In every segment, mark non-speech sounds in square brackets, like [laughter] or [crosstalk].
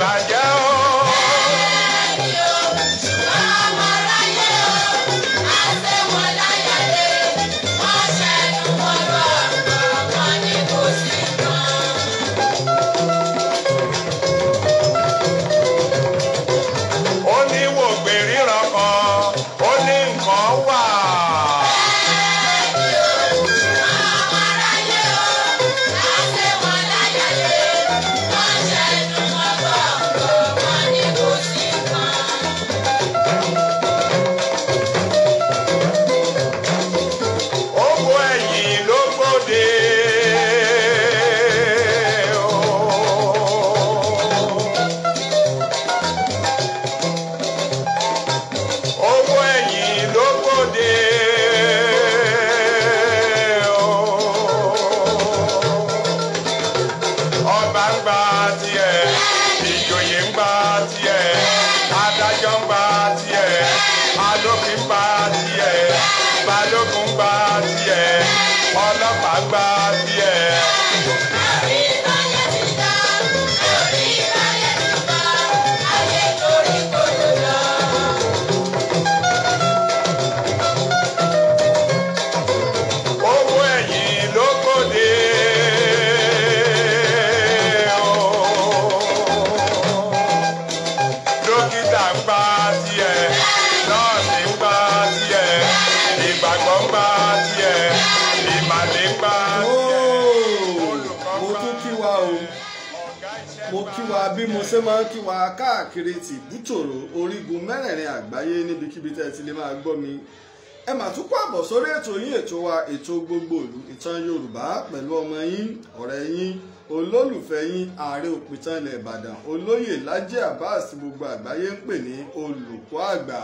by káàkiri ti ìbútòrò orígun mẹ́rẹ̀ẹ̀rin àgbáyé níbikíbi tẹ́ ẹ ti lè máa gbọ́ mi ẹ mà tún kó àbọ̀ sórí ètò yín ètò wa ètò gbogbo ìlú ìtàn Yorùbá pẹ̀lú ọmọ yín ọ̀rẹ́ yín olólùfẹ́ yín ààrẹ òpìtàn ilẹ̀ Ìbàdàn olóyè Lájí Abbas gbogbo àgbáyé ń pè ní olùkọ́ àgbà.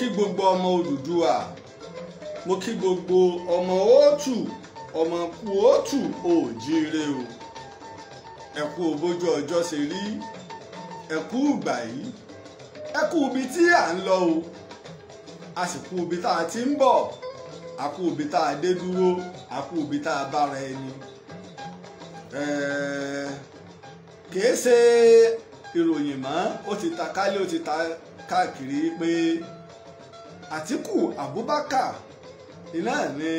kí gbogbo ọmọ Odùduwà mo kí gbogbo ọmọ òótù ọmọ òótù òjíire o ẹ kú ogójì ọjọ́ ṣe rí ẹ kú ìgbà yìí ẹ kú ibi tí à ń lọ o a sì kú ibi tá a ti ń bọ̀ a kú ibi tá a dé dúró a kú ibi tá a bára ẹni kìí ṣe ìròyìn mọ́ ó ti ta kálí ó ti ta káàkiri pé. Àtíkù Abubakar iná ni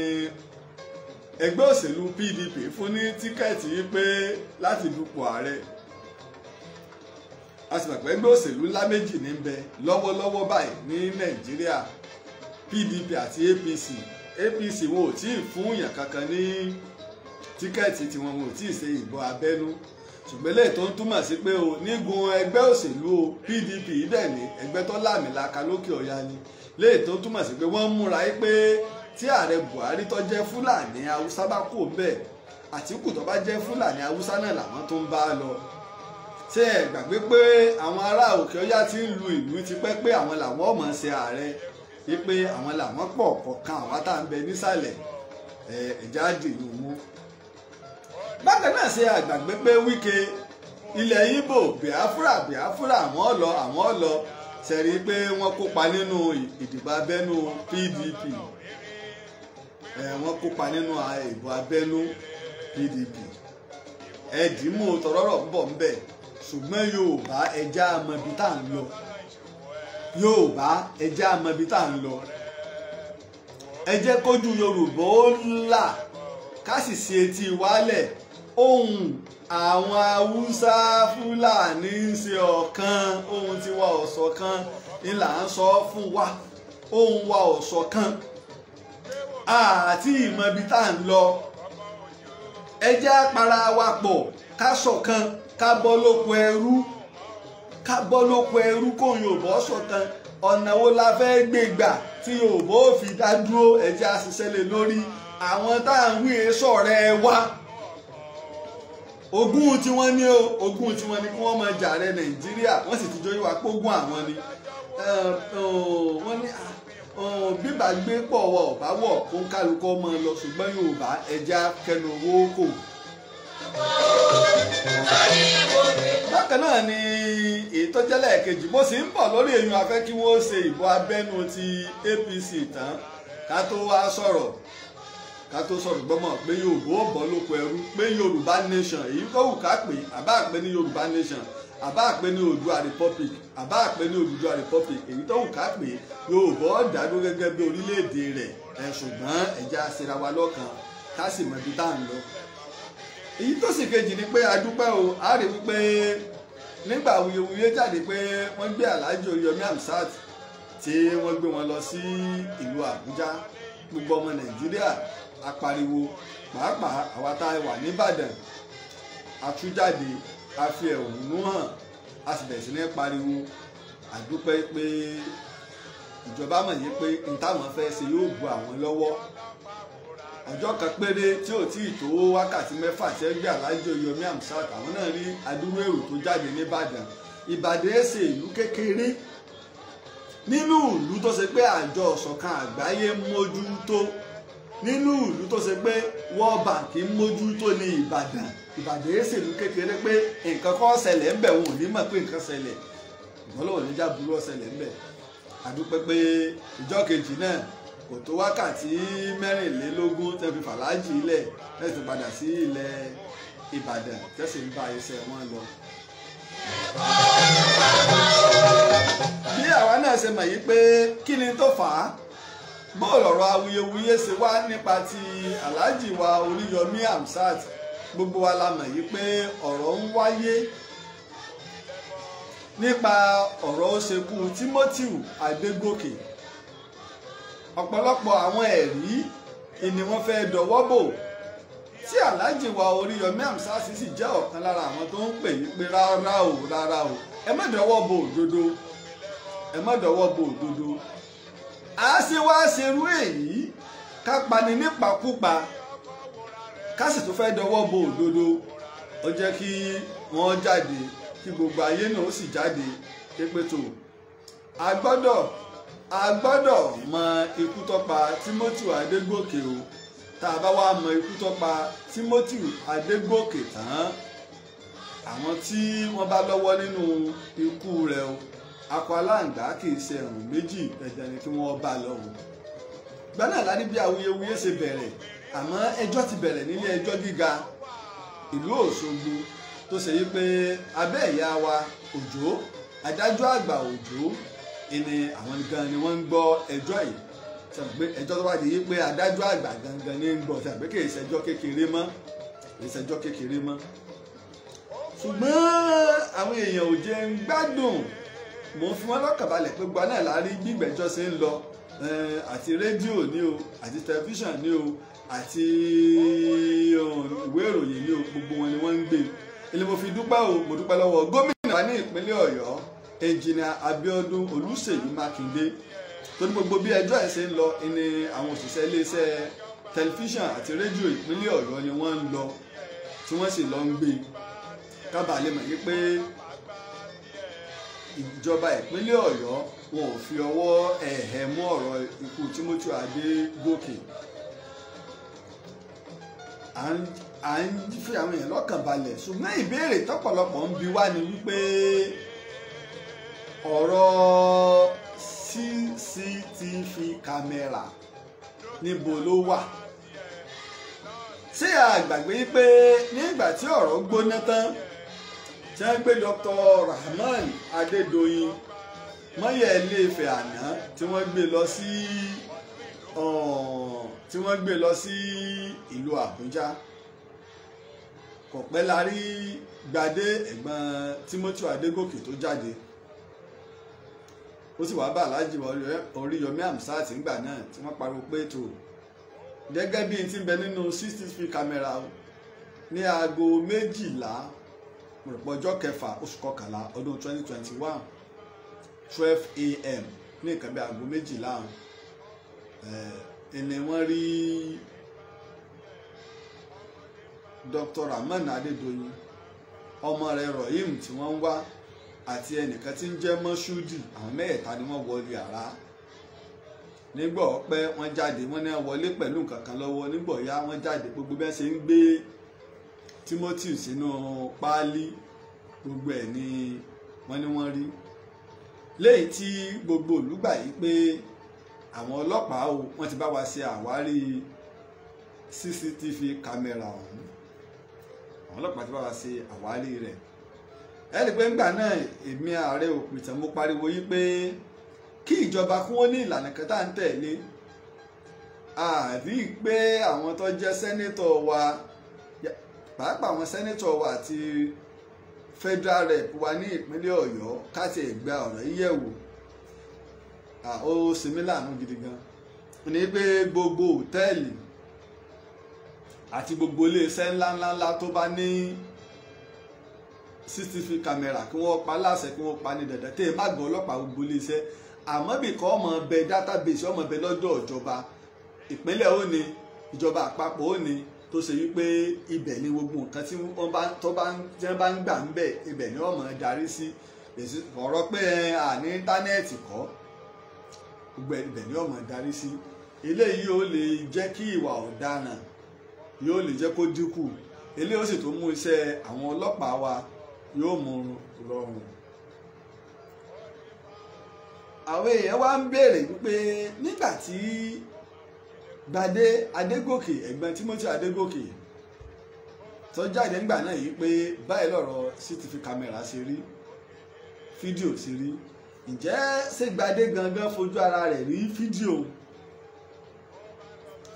ẹgbẹ́ òṣèlú PDP fún ní tíkẹ́ẹ̀tì wípé láti dupò ààrẹ a sì pẹ̀pẹ́ ẹgbẹ́ òṣèlú ńlá méjì ní bẹ lọ́wọ́lọ́wọ́ báyìí ní Nàìjíríà PDP àti APC APC wọn ò tí ì fún èèyàn kankan ní tíkẹ́ẹ̀tì tiwọn wọn ò tí ì ṣe ìbò abẹ́nú ṣùgbọ́n lè tó ń túmọ̀ sí pé o nígun ẹgbẹ́ òṣèlú PDP ibẹ̀ ni ẹgbẹ́ tó láàmìlaka lókè ọ̀yá ni léè tó túmọ̀ sí pé wọ́n ń múra yí pé tí ààrẹ Buhari tó jẹ́ Fúlàní Haúsá bá kò bẹ́ẹ̀ Àtíkù tó bá jẹ́ Fúlàní Haúsá náà làwọn tó ń bá lọ ṣé ẹ gbàgbé pé àwọn ará Òkè Ọya ti ń lu ìlú tipẹ́ pé àwọn làwọn ọmọ ṣe ààrẹ wípé àwọn làwọn pọ̀ kọ̀ọ̀kan àwa tá ń bẹ nísàlẹ̀ ẹ̀já dìlú mú. bákan náà ṣe àgbàgbé pé Wike ilẹ̀ Ìgbò Biafra Biafra àwọn ọ̀lọ́ àwọn ọ̀lọ́ sẹ̀rí pé wọ́n kópa nínú ìdìbò abẹ́nú PDP wọ́n kópa nínú ìbò abẹ́nú PDP ẹ̀dínmù tọ̀rọ̀rọ̀ ń bọ̀ ń bẹ̀ ṣùgbọ́n Yorùbá ẹja amọ̀bi tá à ń lọ Yorùbá ẹja amọ̀bi tá à ń lọ ẹ jẹ́ kójú Yorùbá ó là ká sì ṣe etí wálẹ̀ ohun àwọn haúsá fúlàní ń ṣe ọ̀kan ohun tiwa ọ̀ṣọ̀kan ni là ń sọ fún wa ohun wa ọ̀ṣọ̀kan àti ìmọ̀ ibi tá à ń lọ ẹ jẹ́ apara wa pọ̀ ká ṣọ̀kan ká bọ́ lóko ẹrú ká bọ́ lóko ẹrú kóun Yorùbá ṣọ̀kan ọ̀nà wo la fẹ́ gbé gbà tí Yorùbá ò fi dá dúró ẹ jẹ́ àṣìṣe lè lórí àwọn tá à ń wí èso ọ̀rẹ́ wa. ogun tí wọ́n ní o ogún tí wọ́n ní kí wọ́n máa jàre nàìjíríà wọ́n sì ti jó yíwa pógún àwọn ni wọ́n ní ah, bíbà gbé pọ̀ wọ̀ bá wọ̀ kó kálukú ọmọ lọ ṣùgbọ́n yorùbá ẹja kẹnu owó kò. bákan náà ni ètò kejì bó sì ń bọ̀ lórí èèyàn afẹ́ kí ṣe ìbò abẹ́nu ti APC tán ká tó wá sọ̀rọ̀ ká tó sọ̀rọ̀ gbọ́mọ̀ pé Yorùbá ò bọ́ lóko ẹrú pé Yorùbá nation èyí tó wù ká pè àbá àpè ní Yorùbá nation àbá àpè ní Oòduà republic àbá àpè ní Oòduà republic èyí tó wù ká pè Yorùbá ọ̀dàdó gẹ́gẹ́ bí orílẹ̀-èdè rẹ̀ ẹ̀ ṣùgbọ́n ẹ̀já aṣèrà wa lọ́kàn ká sì mọ̀ ibi tá à ń lọ. èyí tó sì kejì ni pé adúpẹ́ o a rí wípé nígbà wuyewuye jáde pé wọ́n gbé Alhaji Oriyomi Hamzat tí wọ́n gbogbo ọmọ Nàìjíríà apariwo pàápàá àwa tá a wà nìbàdàn àtújáde a fi ẹ̀hónú hàn a sì bẹ̀rẹ̀ sí ní pariwo àdúpẹ́ pé ìjọba mọ̀ yí pé n táwọn fẹ́ ṣe yóò bu àwọn lọ́wọ́ ọjọ́ kan péré tí ò tí ì tó wákàtí mẹ́fà sẹ́gbẹ́ alájọ yomi amsat àwọn náà rí adúrú èrò tó jáde nìbàdàn ìbàdàn ẹsẹ̀ ìlú kékeré nínú ìlú tó ṣe pé àjọ ọ̀ṣọ̀kan àgbáyé mójútó nínú ìlú tó ṣe pé World Bank ń mójútó ní Ìbàdàn Ìbàdàn èsì ìlú kékeré pé nǹkan kọ́ ṣẹlẹ̀ ń bẹ̀ wọn ò ní mọ̀ pé nǹkan ṣẹlẹ̀ ìmọ̀lọ́wọ́ níjà burú ọ̀ṣẹlẹ̀ ń bẹ̀ àdúpẹ́ pé ìjọ kejì náà kò tó wákàtí mẹ́rìnlélógún tẹ́ fi fàlájì ilẹ̀ tẹ́ padà sí ilẹ̀ Ìbàdàn tẹ́ ń bá iṣẹ́ wọn lọ. bí àwa náà ṣe mọ̀ yí pé kí ni tó fà á bóòlù ọ̀rọ̀ awuyewuye ṣe wá nípa ti aláàjì wa oríyọmí hamsat gbogbo wa la mọ̀ yìí pé ọ̀rọ̀ ń wáyé nípa ọ̀rọ̀ òṣèkú timothy adégòkè ọ̀pọ̀lọpọ̀ àwọn ẹ̀rí ni wọ́n fẹ́ dọwọ́ bò tí aláàjì wa oríyọmí hamsat sì jẹ́ ọ̀kan lára àwọn tó ń pè yí pé rárá o rárá o ẹ má dọwọ́ bò òdodo ẹ má dọwọ́ bò òdodo a ṣe wá ṣerú èyí ká pani nípakúpa ká sì tún fẹ́ dọwọ́ bo òdodo ó jẹ́ kí wọ́n jáde kí gbogbo ayé náà ó sì jáde pépétò a gbọ́dọ̀ a gbọ́dọ̀ mọ ikú tó pa Timothy Adégòkè o tá a bá wá mọ ikú tó pa Timothy Adégòkè tán àwọn tí wọ́n bá lọ́wọ́ nínú ikú rẹ̀ o akọ aláǹgbá kì í ṣe ẹ̀rùn méjì dandan ni kí wọ́n bá lọ o gbaná láti bí awuyewuye ṣe bẹ̀rẹ̀ àmọ́ ẹjọ́ ti bẹ̀rẹ̀ nílé ẹjọ́ gíga ìlú Òṣogbo tó ṣe yí pé abẹ́ ìyá wa Òjó adájọ́ àgbà Òjó ìní àwọn gan ni wọ́n ń gbọ́ ẹjọ́ yìí sàgbé ẹjọ́ tó bá di yí pé adájọ́ àgbà gangan ní ń gbọ́ sàgbé kì í ṣẹjọ́ kékeré mọ́ kì í ṣẹjọ́ kékeré mọ́ ṣùgbọ́n àwọn èèyàn ò jẹ́ ń gbádùn mò ń fi wọ́n lọ́kàn balẹ̀ pé gbaná là rí bí ìgbẹ́jọ́ ṣe ń lọ eh, àti rédíò ni o àti tẹlifíṣàn ni o àti eh, ìwé ìròyìn ni o gbogbo wọn ni wọ́n ń gbé ilé mo fi dúpẹ́ o mo dúpẹ́ lọ́wọ́ gómìnà wa ní ìpínlẹ̀ ọ̀yọ́ ẹnjìnà Abíọ́dún Olúṣèyí Mákindé torí gbogbo bí ẹjọ́ ẹ̀ ṣe ń lọ ni àwọn òṣìṣẹ́ iléeṣẹ́ tẹlifíṣàn àti rédíò ìpínlẹ̀ ọ̀yọ́ ni wọ́n ń lọ tí wọ́n sì lọ ń gbé kábàá mọ̀ yí pé ìjọba ìpínlẹ̀ ọ̀yọ́ wọn ò fi ọwọ́ ẹ̀hẹ̀ mú ọ̀rọ̀ ikú Timothy Adégòkè à ń fi àwọn èèyàn lọ́kàn balẹ̀ ṣùgbọ́n ìbéèrè tọ́pọ̀lọpọ̀ ń bi wá ni wípé ọ̀rọ̀ CCTV kámẹ́rà níbo ló wà ṣé àgbàgbé pé nígbà tí ọ̀rọ̀ gbóná tán tí wọ́n gbé Dr. Rahman Adédoyin mọ́yẹ̀ Ilé-Ifẹ̀ àná tí wọ́n gbé lọ sí tí wọ́n gbé lọ sí ìlú Àbújá kò pẹ́ la rí Gbadé ẹ̀gbọ́n Timothy Adégòkè tó jáde ó sì wáá bá aláàjì Oríyọmí Hamzat ńgbà náà tí wọ́n pariwo pé tó gẹ́gẹ́ bí n ti bẹ nínú cctv camera ní aago méjìlá ọjọ́ kẹfà oṣù kọkànlá ọdún 2021 12 a.m. ní nǹkan bí aago méjìlá ẹni eh, wọ́n rí Dr. Rahman adedoyin ọmọ rẹ Rohim tí wọ́n ń wá àti ẹnìkan tí ń jẹ́ Mọ́ṣúdì àwọn mẹ́ẹ̀ta ni wọ́n wọlé ara nígbà ọpẹ́ wọ́n jáde wọ́n náà wọlé pẹ̀lú nǹkan kan lọ́wọ́ nígbà ọ̀yá wọ́n jáde gbogbo bẹ́ẹ̀ ṣe ń gbé Timothy sínú páálí gbogbo ẹ̀ ni wọ́n ní wọ́n rí léyìí tí gbogbo olùgbà yìí pé àwọn ọlọ́pàá o wọ́n ti bá wa ṣe àwárí CCTV kámẹ́rà ọ̀hún àwọn ọlọ́pàá ti bá wa ṣe àwárí rẹ̀ ẹ̀rí pé ńgbà náà èmi ààrẹ òpìtàn mo pariwo yí pé kí ìjọba kún ó ní ìlànà kan tá à ń tẹ̀lé àbí pé àwọn tó jẹ́ sẹ́nétọ̀ wa pàápàá àwọn sẹ́nẹ́tọ̀ wa àti federal rep wa ní ìpínlẹ̀ ọ̀yọ́ káti ẹ̀gbà ọ̀rọ̀ yíyẹ̀wò ó ṣe mí láàánú gidi gan ni pé gbogbo òtẹ́ẹ̀lì àti gbogbo iléeṣẹ́ ńláńláńlá tó bá ní cctv camera kí wọ́n pa láṣẹ kí wọ́n pa ní dandan tẹ́ ẹ bá gbọ́ ọlọ́pàá gbogbo iléeṣẹ́ àmọ́ bìkọ́ ọmọ bẹ database ọmọ bẹ lọ́dọ̀ ìjọba ìpínlẹ̀ ó ní ìjọba àpapọ̀ ó ní tó ṣe wípé ibẹ̀ ni gbogbo nǹkan tí wọ́n bá tó bá tí wọ́n bá ń gbà ń bẹ̀ ibẹ̀ ni wọ́n máa darí sí ọ̀rọ̀ pé à ní íńtánẹ́ẹ̀tì kọ́ gbogbo ibẹ̀ ni wọ́n máa darí sí eléyìí ó lè jẹ́ kí ìwà ọ̀daràn yóò lè jẹ́ kó dínkù eléyìí ó sì tó mú iṣẹ́ àwọn ọlọ́pàá wa yóò mú rọrùn àwọn èèyàn wá ń béèrè wípé nígbà tí gbadé adégòkè ẹ̀gbọ́n timothy adégòkè tó jáde ńgbà náà yìí pé báyìí lọ́rọ̀ cctv camera ṣe rí fídíò ṣe rí ǹjẹ́ ṣé gbadé gangan fojú ara rẹ̀ rí fídíò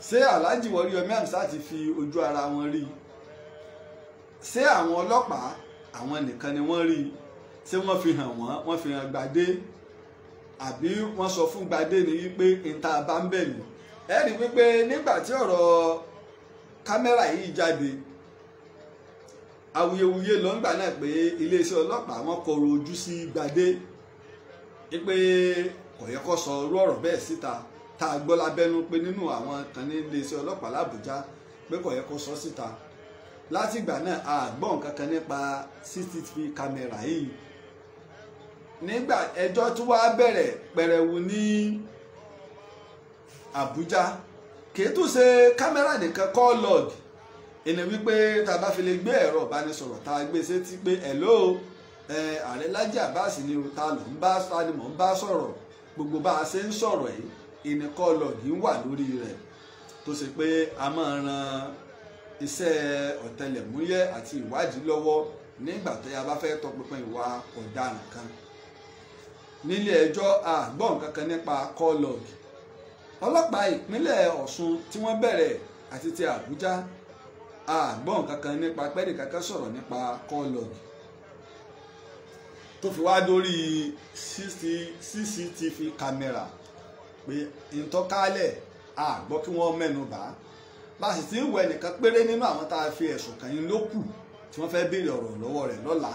ṣé alhaji Warrior Hamzat ti fi ojú ara wọn rí ṣé àwọn ọlọ́pàá àwọn nìkan ni wọ́n rí ṣé wọ́n fi hàn wọ́n wọ́n fi hàn gbadé àbí wọ́n sọ fún gbadé ni wípé ìta bá ń bẹ̀ yìí ẹ rí wípé nígbà tí ọ̀rọ̀ kámẹ́rà yìí jáde awuyewuye ló ń gbà náà pé iléeṣẹ́ ọlọ́pàá wọn kọrọ ojú sí gbadé wípé kò yẹ kó sọ irú ọ̀rọ̀ bẹ́ẹ̀ síta tá a gbọ́ lábẹ́nu pé nínú àwọn kan ní iléeṣẹ́ ọlọ́pàá làbújá pé kò yẹ kó sọ síta látìgbà náà a gbọ́ nǹkan kan nípa cctv kámẹ́rà yìí nígbà ẹjọ́ tí wàá bẹ̀rẹ̀ pẹ̀rẹ̀wù ní. Ni Abuja kìí tún ṣe kámẹ́rà nìkan call log ẹni wípé ta ba bá fi lè gbé ẹ̀rọ ìbánisọ̀rọ̀ ta a gbé ti pé hello ààrẹ Lájì Abbas ni ta ló ń bá ta ni mò ń bá gbogbo bá a ṣe ń sọ̀rọ̀ yìí ẹni call log ń wà lórí rẹ̀ tó ṣe pé a ma ran iṣẹ ọ̀tẹlẹ̀múyẹ́ àti ìwádìí lọ́wọ́ nígbà tó yá bá fẹ́ tọpinpin ìwà ọ̀daràn kan nílé ẹjọ́ àgbọ̀n kankan nípa call log ọlọ́pàá ìpínlẹ̀ ọ̀ṣun tí wọ́n bẹ̀rẹ̀ àti ti àbújá àgbọ̀n kankan nípa pẹ́ẹ́nì kankan sọ̀rọ̀ nípa kọ́ọ̀lọ́ọ̀gì tó fi wá dórí cctv kámẹ́rà pé ìtọ́kálẹ̀ àgbọ́ kí wọ́n mẹ́nu bà á láti ti ń wọ ẹnìkan péré nínú àwọn tá a fi ẹ̀sùn kàn yín ló kù tí wọ́n fẹ́ béèrè ọ̀rọ̀ lọ́wọ́ rẹ̀ lọ́la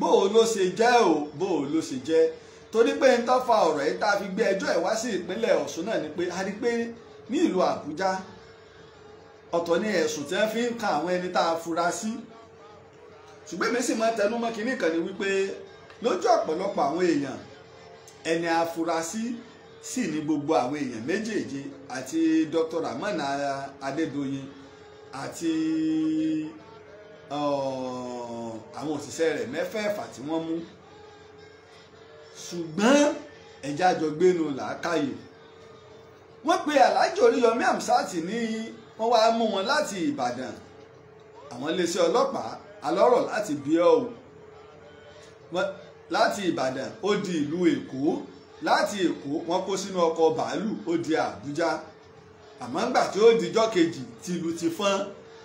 bóò ló ṣe jẹ́ o bóò ló ṣe jẹ́ torí pé n tó fa ọ̀rọ̀ yìí tá a fi gbé ẹjọ́ ẹ̀ wá sí ìpínlẹ̀ Ọ̀ṣun náà ni pé a rí pé ní ìlú Àbújá ọ̀tọ̀ ni ẹ̀sùn tí wọ́n fi ń ka àwọn ẹni tá a fura sí ṣùgbọ́n èmi sì máa tẹnu mọ́ kinní kan ni wípé lójú ọ̀pọ̀lọpọ̀ àwọn èèyàn ẹni afurasí sì ní gbogbo àwọn èèyàn méjèèje àti Dr. Rahman Adédoyin àti àwọn òṣìṣẹ́ rẹ̀ mẹ́fẹ̀ẹ̀fà tí wọ́n mú ṣùgbọ́n ẹ̀já jọ gbénu làákàyè wọ́n pe aláàjì oríyọmí amsat ní wọ́n wá mú wọn láti ìbàdàn àwọn iléeṣẹ́ ọlọ́pàá alọ́rọ̀ láti bíọ́ o láti ìbàdàn ó di ìlú èkó láti èkó wọ́n kó sínú ọkọ̀ bàálù ó di àbújá àmọ́ ńgbà tí ó dijọ́ kejì tìlù ti fọ́n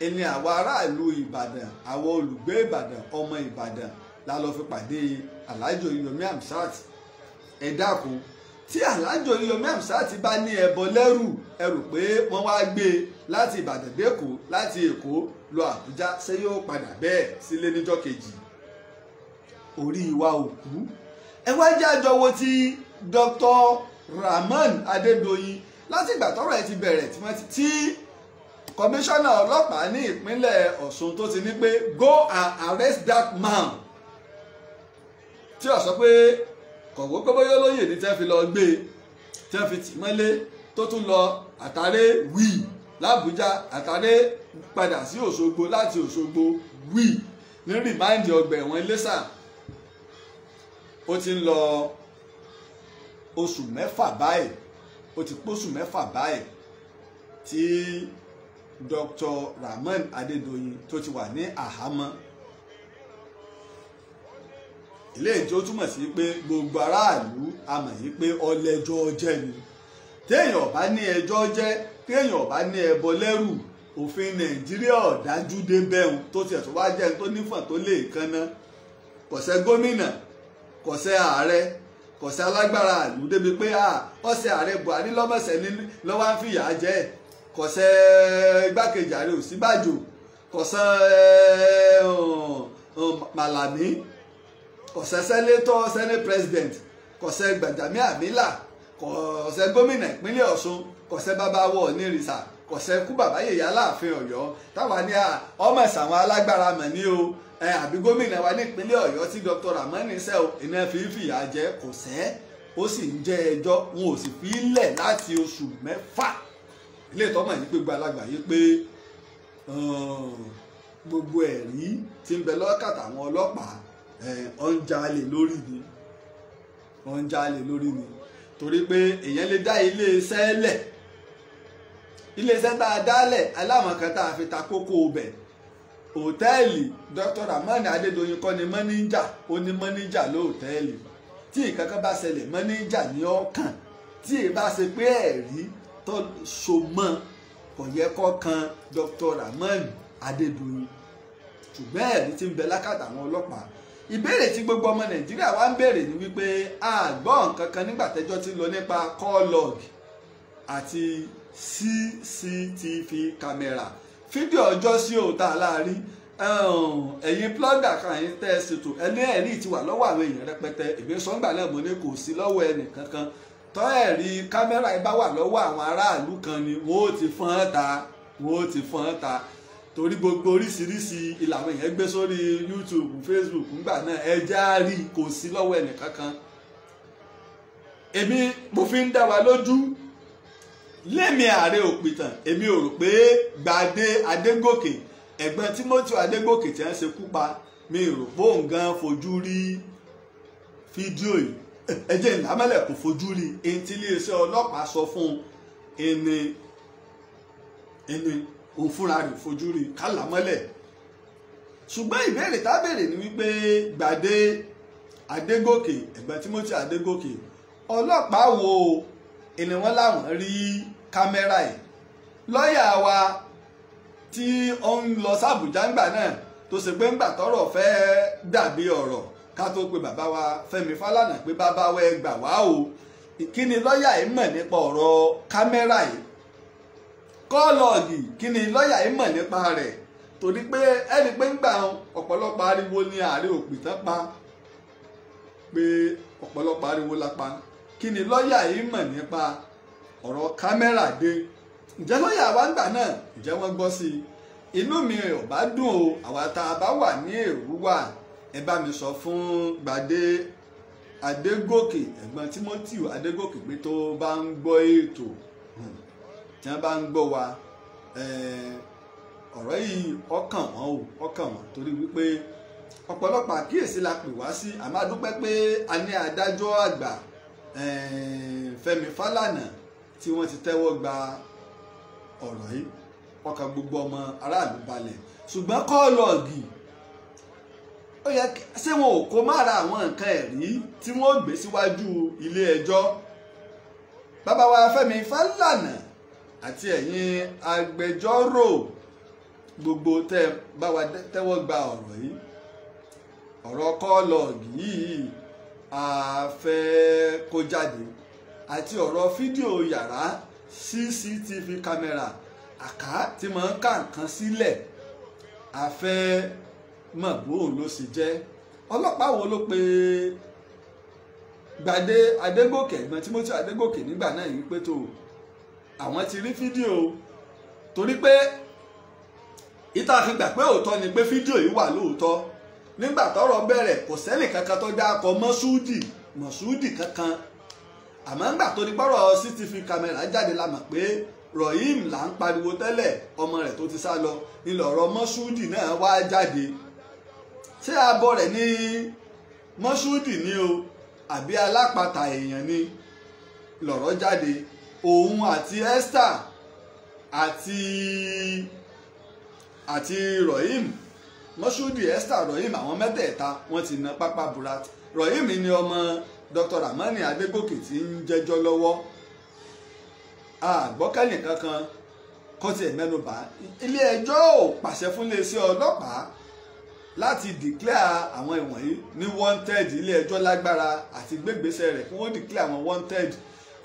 ẹni àwa aráàlú ìbàdàn àwọn olùgbé ìbàdàn ọmọ ìbàdàn la lọ fi pàdé aláàjì oríyọmí amsat ẹ dákun tí alájọ Yomi Amsat bá ní ẹbọ lẹ́rù ẹ rò pé wọ́n wá gbé e láti Ìbàdàn dẹ́kọ̀ọ́ láti Èkó lọ Àbújá ṣé yóò padà bẹ́ẹ̀ sílé níjọ́ kejì orí wa òkú ẹ wá jẹ́ àjọ wo ti Dr. Rahmon Adédoyin láti ìgbà tọ́rọ̀ ẹ ti bẹ̀rẹ̀ tí kọmíṣánná ọlọ́pàá ní ìpínlẹ̀ Ọ̀ṣun tó ti ní pé go and arrest that man tí ó sọ pé kọ̀wé pé bóyá olóyè ni tẹ́ fi lọ gbé e tẹ́ fi tì mọ́lé tó tún lọ àtàrẹ wíì lábújá àtàrẹ padà sí òṣogbo láti òṣogbo wíì ní rìmáìndì ọgbà ẹ̀wọ̀n iléṣà ó ti ń lọ oṣù mẹ́fà báyìí ó ti pósù mẹ́fà báyìí tí Dr. Rahmon Adédoyin tó ti wà ní àhámọ́ eléyìí tó túmọ̀ sí pé gbogbo aráàlú a mọ̀ yí pé ọlẹ́jọ́ jẹ́ ni téèyàn bá ní ẹjọ́ jẹ́ téèyàn bá ní ẹbọ lẹ́rù òfin nàìjíríà ọ̀dájú dé bẹ́hùn tó tiẹ̀ tó wá jẹ́ tó nífọ̀n tó lè kanná kọ̀sẹ́ gómìnà kọ̀sẹ́ ààrẹ kọ̀sẹ́ alágbára ìlú débi pé ọ̀sẹ̀ ààrẹ buhari lọ́mọ̀sẹ̀ ní lọ́wọ́ ń fìyà jẹ́ kọ̀sẹ́ igbákejì ààrẹ òsínbàjò kọ̀sẹ́ eh, eh, malami kò sẹ́ sẹ́nétọ́ sẹ́nẹ́ president kò sẹ́ Gbanjamí Àmìlà kò sẹ́ gómìnà ìpínlẹ̀ Ọ̀ṣun kò sẹ́ bàbá wọ̀ onírìṣà kò sẹ́ kú bàbá yèyá láàfin Ọ̀yọ́ táwa ní ọmọ ìsàwọn alágbára mọ̀ ní o ẹ àbí gómìnà wa nípínlẹ̀ Ọ̀yọ́ tí Dr. Ramani sẹ́ o iná fífi ìyà jẹ kò sẹ́ ó sì ń jẹ ẹjọ́ wọn ò sì fi í lẹ̀ láti oṣù mẹ́fà ilé ìtọ́mọ̀ yìí pé gbogbo alágbàáyé pé gbogbo ẹ̀rí tí ń bẹ lọ́kàtà àwọn ọlọ́pàá ọ̀ ń lórí ni wọ́n ń lórí ni torí pé èèyàn lè dá iléeṣẹ́ lẹ̀ iléeṣẹ́ tá a dálẹ̀ alámọ̀kan tá a fi ta kókó ọbẹ̀ hòtẹ́ẹ̀lì Dr. Ramani Adédoyin kọ́ ni mọ́níjà ó ní mọ́níjà ló hòtẹ́ẹ̀lì tí ìkankan bá ṣẹlẹ̀ mọ́níjà ní ọ̀kan tí èyí bá ṣe pé ẹ̀rí tó so mọ́ kò yẹ kó kan Dr. Ramani Adédoyin ṣùgbọ́n ẹ̀rí ti ń bẹ lákàtà àwọn ọlọ́pàá ìbéèrè tí gbogbo ọmọ nàìjíríà wá ń béèrè ni wípé àgbọ̀ nǹkan kan nígbà tẹ́jọ́ ti lọ nípa call àti cctv camera fídíò ọjọ́ sí òòtà láàrin ẹ̀yin plọ́gà kan yín tẹ́ ẹ ṣètò ẹni ẹ̀rí ti wà lọ́wọ́ àwọn èèyàn rẹpẹtẹ èmi sọ́ngbà náà mo ní kò sí lọ́wọ́ ẹnì kankan tọ́ ẹ̀rí kámẹ́rà ẹ bá wà lọ́wọ́ àwọn aráàlú kan ni wọ́n ó ti fọ́n ta wọ́n ó ti fọ́n ta torí gbogbo oríṣiríṣi ìlànà yẹn gbé sórí YouTube Facebook ńgbà náà ẹja rí kò sí lọ́wọ́ ẹnìkankan èmi mo fi ń dá wa lójú lémi ààrẹ òpìtàn èmi ò rò pé gbadé adégòkè ẹ̀gbọ́n Timothy adégòkè tí wọ́n ṣe kú pa mi rò pé òun gan fojú rí fídíò yìí ẹjẹ ìdámẹ́lẹ̀ kò fojú rí ẹni tí iléeṣẹ́ ọlọ́pàá sọ fún un ẹni ẹni òun fúnra rẹ̀ fojú rí kálà mọ́lẹ̀ ṣùgbọ́n ìbéèrè tá a ni wípé gbàdé adégòkè ẹ̀gbọ́n timothy adégòkè ọlọ́pàá wo ni wọ́n láwọn rí kámẹ́rà ẹ̀ lọ́ọ̀yà wa tí ó ń lọ sàbújá ńgbà náà tó ṣe pé ńgbà tọ́rọ̀ fẹ́ dàbí ọ̀rọ̀ ká tó pe bàbá wa Fẹ́mi falana pé bàbá wa ẹ gbà wá o kí ni lọ́ọ̀yà yìí mọ̀ nípa ọ̀rọ̀ kámẹ́rà yìí kọ́ọ̀lọ́ọ̀gì kí ni lọ́ọ̀yà yìí mọ̀ nípa rẹ̀ torí pé ẹni pé ń gbà ọ̀pọ̀lọpọ̀ ariwo ni ààrẹ òpì tán pa pé ọ̀pọ̀lọpọ̀ ariwo la pa kí ni lọ́ọ̀yà yìí mọ̀ nípa ọ̀rọ̀ kámẹ́rà dé ǹjẹ́ lọ́ọ̀yà wa ń gbà náà ǹjẹ́ wọ́n gbọ́ sí i inú mi ò bá dùn o àwa tá a bá wà ní èrúwà ẹ bá mi sọ fún Gbadé Adégòkè ẹ̀gbọ́n Timothy Adégòkè pé tó bá ń gbọ́ ètò tí wọ́n bá ń gbọ́ wa eh, ọ̀rọ̀ yìí ọkàn wọn o ọkàn wọn torí wípé ọ̀pọ̀lọpọ̀ àkíyèsí la pè wá sí àmọ́ a dúpẹ́ pé a ní adájọ́ àgbà eh, Fẹ́mi Fálànà tí wọ́n ti tẹ́wọ́ gba ọ̀rọ̀ yìí ọkàn gbogbo ọmọ aráàlú balẹ̀ ṣùgbọ́n kọ́ọ̀lọ́ọ̀gì ó yẹ ṣé wọn ò kó má ra àwọn nǹkan ẹ̀rí tí wọ́n gbé síwájú ilé ẹjọ́ bàbá wa Fẹ́mi Fálànà àti ẹ̀yin agbẹjọ́rò gbogbo tẹ́ bá wa tẹ́wọ́ gba ọ̀rọ̀ yìí ọ̀rọ̀ kọ́ọ̀lọ́ọ̀gì yìí a fẹ́ kó jáde àti ọ̀rọ̀ fídíò yàrá cctv kámẹ́rà àká tí mo ń ká nǹkan sílẹ̀ a fẹ́ mọ̀ bóun ló sì jẹ́ ọlọ́pàá wo ló pe Gbadé Adégòkè ẹ̀gbọ́n Timothy Adégòkè nígbà náà yìí pé tó o àwọn ti rí fídíò torí pé ìta fi gbà pé òótọ́ ni pé fídíò yìí wà lóòótọ́ nígbà tọ́rọ̀ bẹ̀rẹ̀ kò sẹ́nì kankan tó dáko mọ́ṣúdì mọ́ṣúdì kankan àmọ́ ńgbà tó ní gbọ́rọ̀ CCTV kámẹ́rà jáde la mọ̀ pé Rohim là ń pariwo tẹ́lẹ̀ ọmọ rẹ̀ tó ti sá lọ ńlọrọ̀ mọ́ṣúdì náà wá jáde ṣé abọ́ rẹ̀ ní mọ́ṣúdì ni o àbí alápatà èèyàn ni lọ̀rọ̀ jáde òun àti Esther àti àti Rohim mọ́ṣúdì Esther Rohim àwọn mẹ́tẹ̀ẹ̀ta wọ́n ti na pápá burat Rohim ni ọmọ Dr. Ramani Adégòkè tí ń jẹ́jọ́ lọ́wọ́ àgbọ́kẹ́lì kankan kọ́tì ẹ̀ mẹ́nubà ilé ẹjọ́ ò pàṣẹ fún iléeṣẹ́ ọlọ́pàá láti declare àwọn ìwọ̀nyí ní wanted ilé ẹjọ́ lágbára àti gbégbèsè rẹ̀ kí wọ́n declare àwọn wanted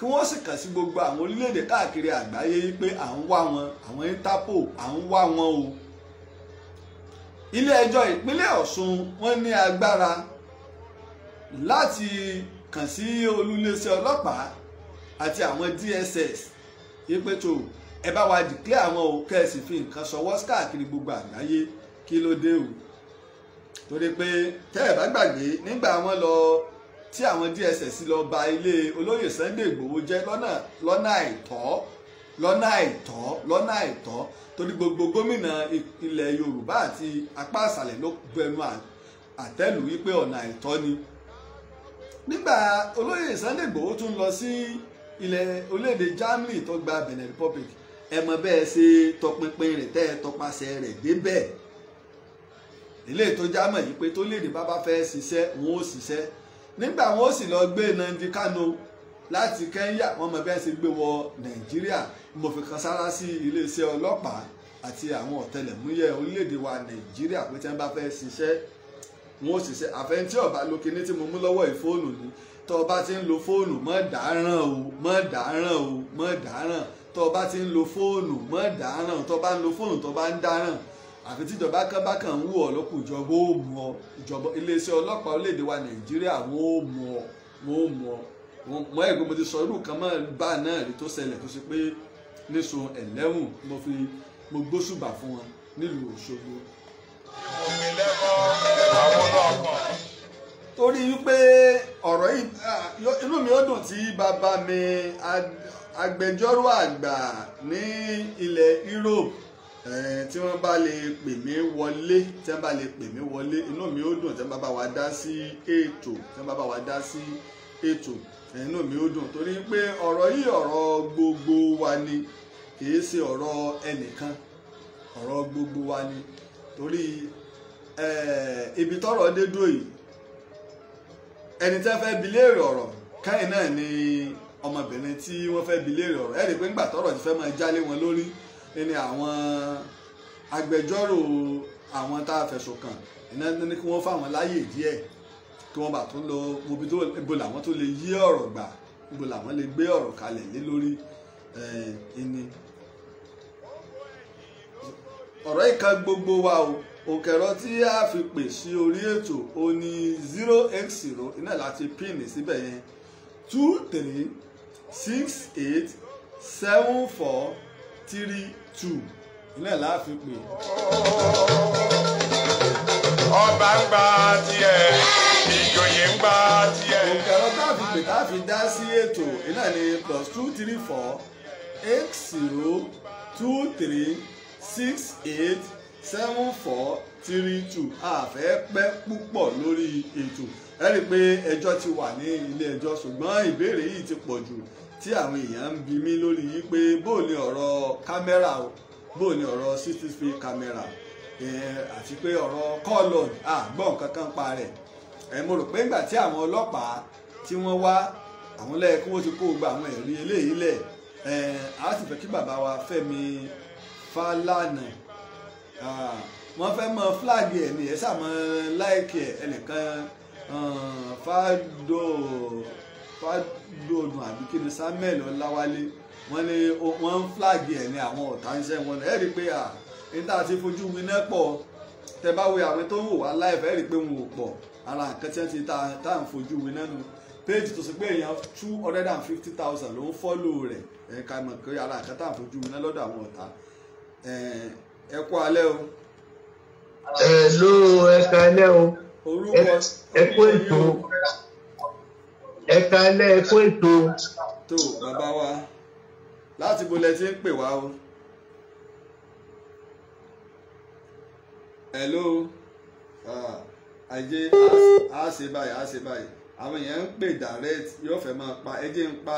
kí wọ́n sì kàn sí gbogbo àwọn orílẹ̀-èdè káàkiri àgbáyé pé à ń wá wọn àwọn interpol à ń wá wọn o ilé ẹjọ́ ìpínlẹ̀ Ọ̀ṣun wọ́n ní agbára láti kàn sí olúléeṣẹ́ ọlọ́pàá àti àwọn DSS yípe tó ẹ bá wa dìklẹ́ àwọn o kẹ́ ẹ sì fi nǹkan ṣọwọ́ káàkiri gbogbo àgbáyé kí ló dé o torí pé tẹ́ ẹ bá gbàgbé nígbà wọn lọ tí àwọn DSS lọ ba ilé olóyè Sunday Ìgbòho jẹ́ lọ́nà lọ́nà àìtọ́ lọ́nà àìtọ́ lọ́nà àìtọ́ torí gbogbo gómìnà ilẹ̀ Yorùbá àti apá àṣàlẹ̀ ló gbẹnu àtẹ́lù wípé ọ̀nà àìtọ́ ni nígbà olóyè Sunday Ìgbòho tún lọ sí ilẹ̀ orílẹ̀-èdè Germany tó gba Benin Republic ẹ mọ bẹ́ẹ̀ ṣe tọpinpin rẹ̀ tẹ́ ẹ tọpasẹ̀ rẹ̀ débẹ̀ ilé tó jámọ̀ yìí pé tó lè ní bá bá fẹ́ ṣiṣẹ́ wọn ó ṣiṣẹ́ nígbà wọn ó sì lọ gbé Nnamdi Kanu láti Kenya wọn mọ bí wọn ṣe gbé wọ Nàìjíríà mo fi kan sára sí iléeṣẹ́ ọlọ́pàá àti àwọn ọ̀tẹlẹ̀múyẹ́ orílẹ̀-èdè wa Nàìjíríà pé tí wọ́n bá fẹ́ ṣiṣẹ́ wọn ò ṣiṣẹ́ àfẹnjẹ ọba ló kíní tí mo mú lọ́wọ́ yìí fóònù ni tó o ti ń lo fóònù mọ dáràn o mọ dáràn o mọ dáràn tó o bá ti ń lo fóònù mọ dáràn tó o ń lo fóònù tó o ń dáràn àfi tíjọba kan bá kàn ń wù ọ́ lókùn ìjọba ó mú ọ ìjọba iléeṣẹ́ ọlọ́pàá orílẹ̀-èdè wa nàìjíríà wọ́n ó mú ọ wọ́n ó mú ọ mọ ẹ̀gbọ́n mo ti sọ irú kan máa bá náà rí tó ṣẹlẹ̀ tó ṣe pé níṣo ẹ̀lẹ́wùn mo fi mo gbóṣùbà fún wọn nílùú Òṣogbo. torí wípé ọ̀rọ̀ yìí inú mi ó dùn tí bàbá mi agbẹjọ́rò àgbà ní ilẹ̀ Europe Eh, tí wọ́n bá lè pè mí wọlé tí wọ́n bá lè pè mí wọlé inú mi ó dùn tí wọ́n bá bá wa dá sí ètò tí wọ́n bá bá wa dá sí ètò inú mi ó dùn torí pé ọ̀rọ̀ yìí ọ̀rọ̀ gbogbo wa ni kìí ṣe ọ̀rọ̀ ẹnìkan ọ̀rọ̀ gbogbo wa ni torí eh, ibi tọ́rọ̀ dé dúró yìí ẹni tẹ́ fẹ́ bi léèrè ọ̀rọ̀ káyìn náà ni ọmọbìnrin tí wọ́n fẹ́ bi léèrè ọ̀rọ̀ ẹ̀ rí pé ńgbà tọ́rọ̀ ti fẹ́ máa jálé wọn lórí ni àwọn agbẹjọ́rò àwọn tá a fẹ̀sùn kàn iná ní kí wọ́n fáwọn láyè díẹ̀ kí wọ́n bá tún lọ ibi tó ibo làwọn tó lè yí ọ̀rọ̀ gbà ibo làwọn lè gbé ọ̀rọ̀ kalẹ̀ lé lórí ẹni. ọ̀rọ̀ ìkan gbogbo wa o òkèrọ tí a fi pè sí orí ètò o ní zero eight zero iná láti pin síbẹ̀ yẹn two three six eight seven four three two ilẹ̀ láàfin pè. ọba ń gba tiẹ̀ ìjòyè ń gba tiẹ̀. òǹkàrọ táàfin pè táàfin dá sí ètò iná ni plus two three four eight zero two three six eight seven four three two a fẹ́ pẹ́ púpọ̀ lórí ètò ẹ rí i pé ẹjọ́ ti wà ní ilé ẹjọ́ ṣùgbọ́n ìbéèrè yìí ti pọ̀ jù tí àwọn èèyàn ń bi mí lórí yìí pé bó ni ọ̀rọ̀ kámẹ́rà o bó ni ọ̀rọ̀ cctv kámẹ́rà àti pé ọ̀rọ̀ kọ́ọ̀lọ̀ àgbọ̀n kankan pa rẹ̀ mo rò pé nígbà tí àwọn ọlọ́pàá tí wọ́n wá àwọn lẹ́yìn kí wọ́n ti kó gba àwọn ẹ̀rí eléyìí lẹ̀ a sì fẹ́ kí bàbá wa Fẹ́mi Fálànà wọ́n fẹ́ mọ flag ẹ̀ nìyẹn sàmọ́ láìkì ẹ̀ ẹnìkan fàdó fàdó ọdún àbíkéde samuel ọláwálé wọ́n ní wọ́n ń flagi ẹ̀ ní àwọn ọ̀tá ń sẹ́ wọn ẹ̀ rí i pé níta ti fojú mi náà pọ̀ tẹ bá wo àwọn tó ń wò wá live ẹ̀ rí i pé wọn ò pọ̀ ara nǹkan tí wọ́n ti tá à ń fojú mi náà nù péjì tó sọ pé èèyàn two hundred and fifty thousand ló ń fọ́lò rẹ̀ ẹ̀ka mọ̀ pé ara nǹkan tá à ń fojú mi náà lọ́dọ̀ àwọn ọ̀tá ẹ kú alẹ́ o. ẹ ló ẹ̀ka alẹ́ o orúkọ ẹkú ètò ẹka ilé ẹkú ètò. tó bàbá wa láti bo lẹ ti ń pè wá o. hello ajé a ṣe báyìí a ṣe báyìí àwọn èèyàn ń pè direct yóò fẹ́ máa pa ẹ jẹ́ ń pa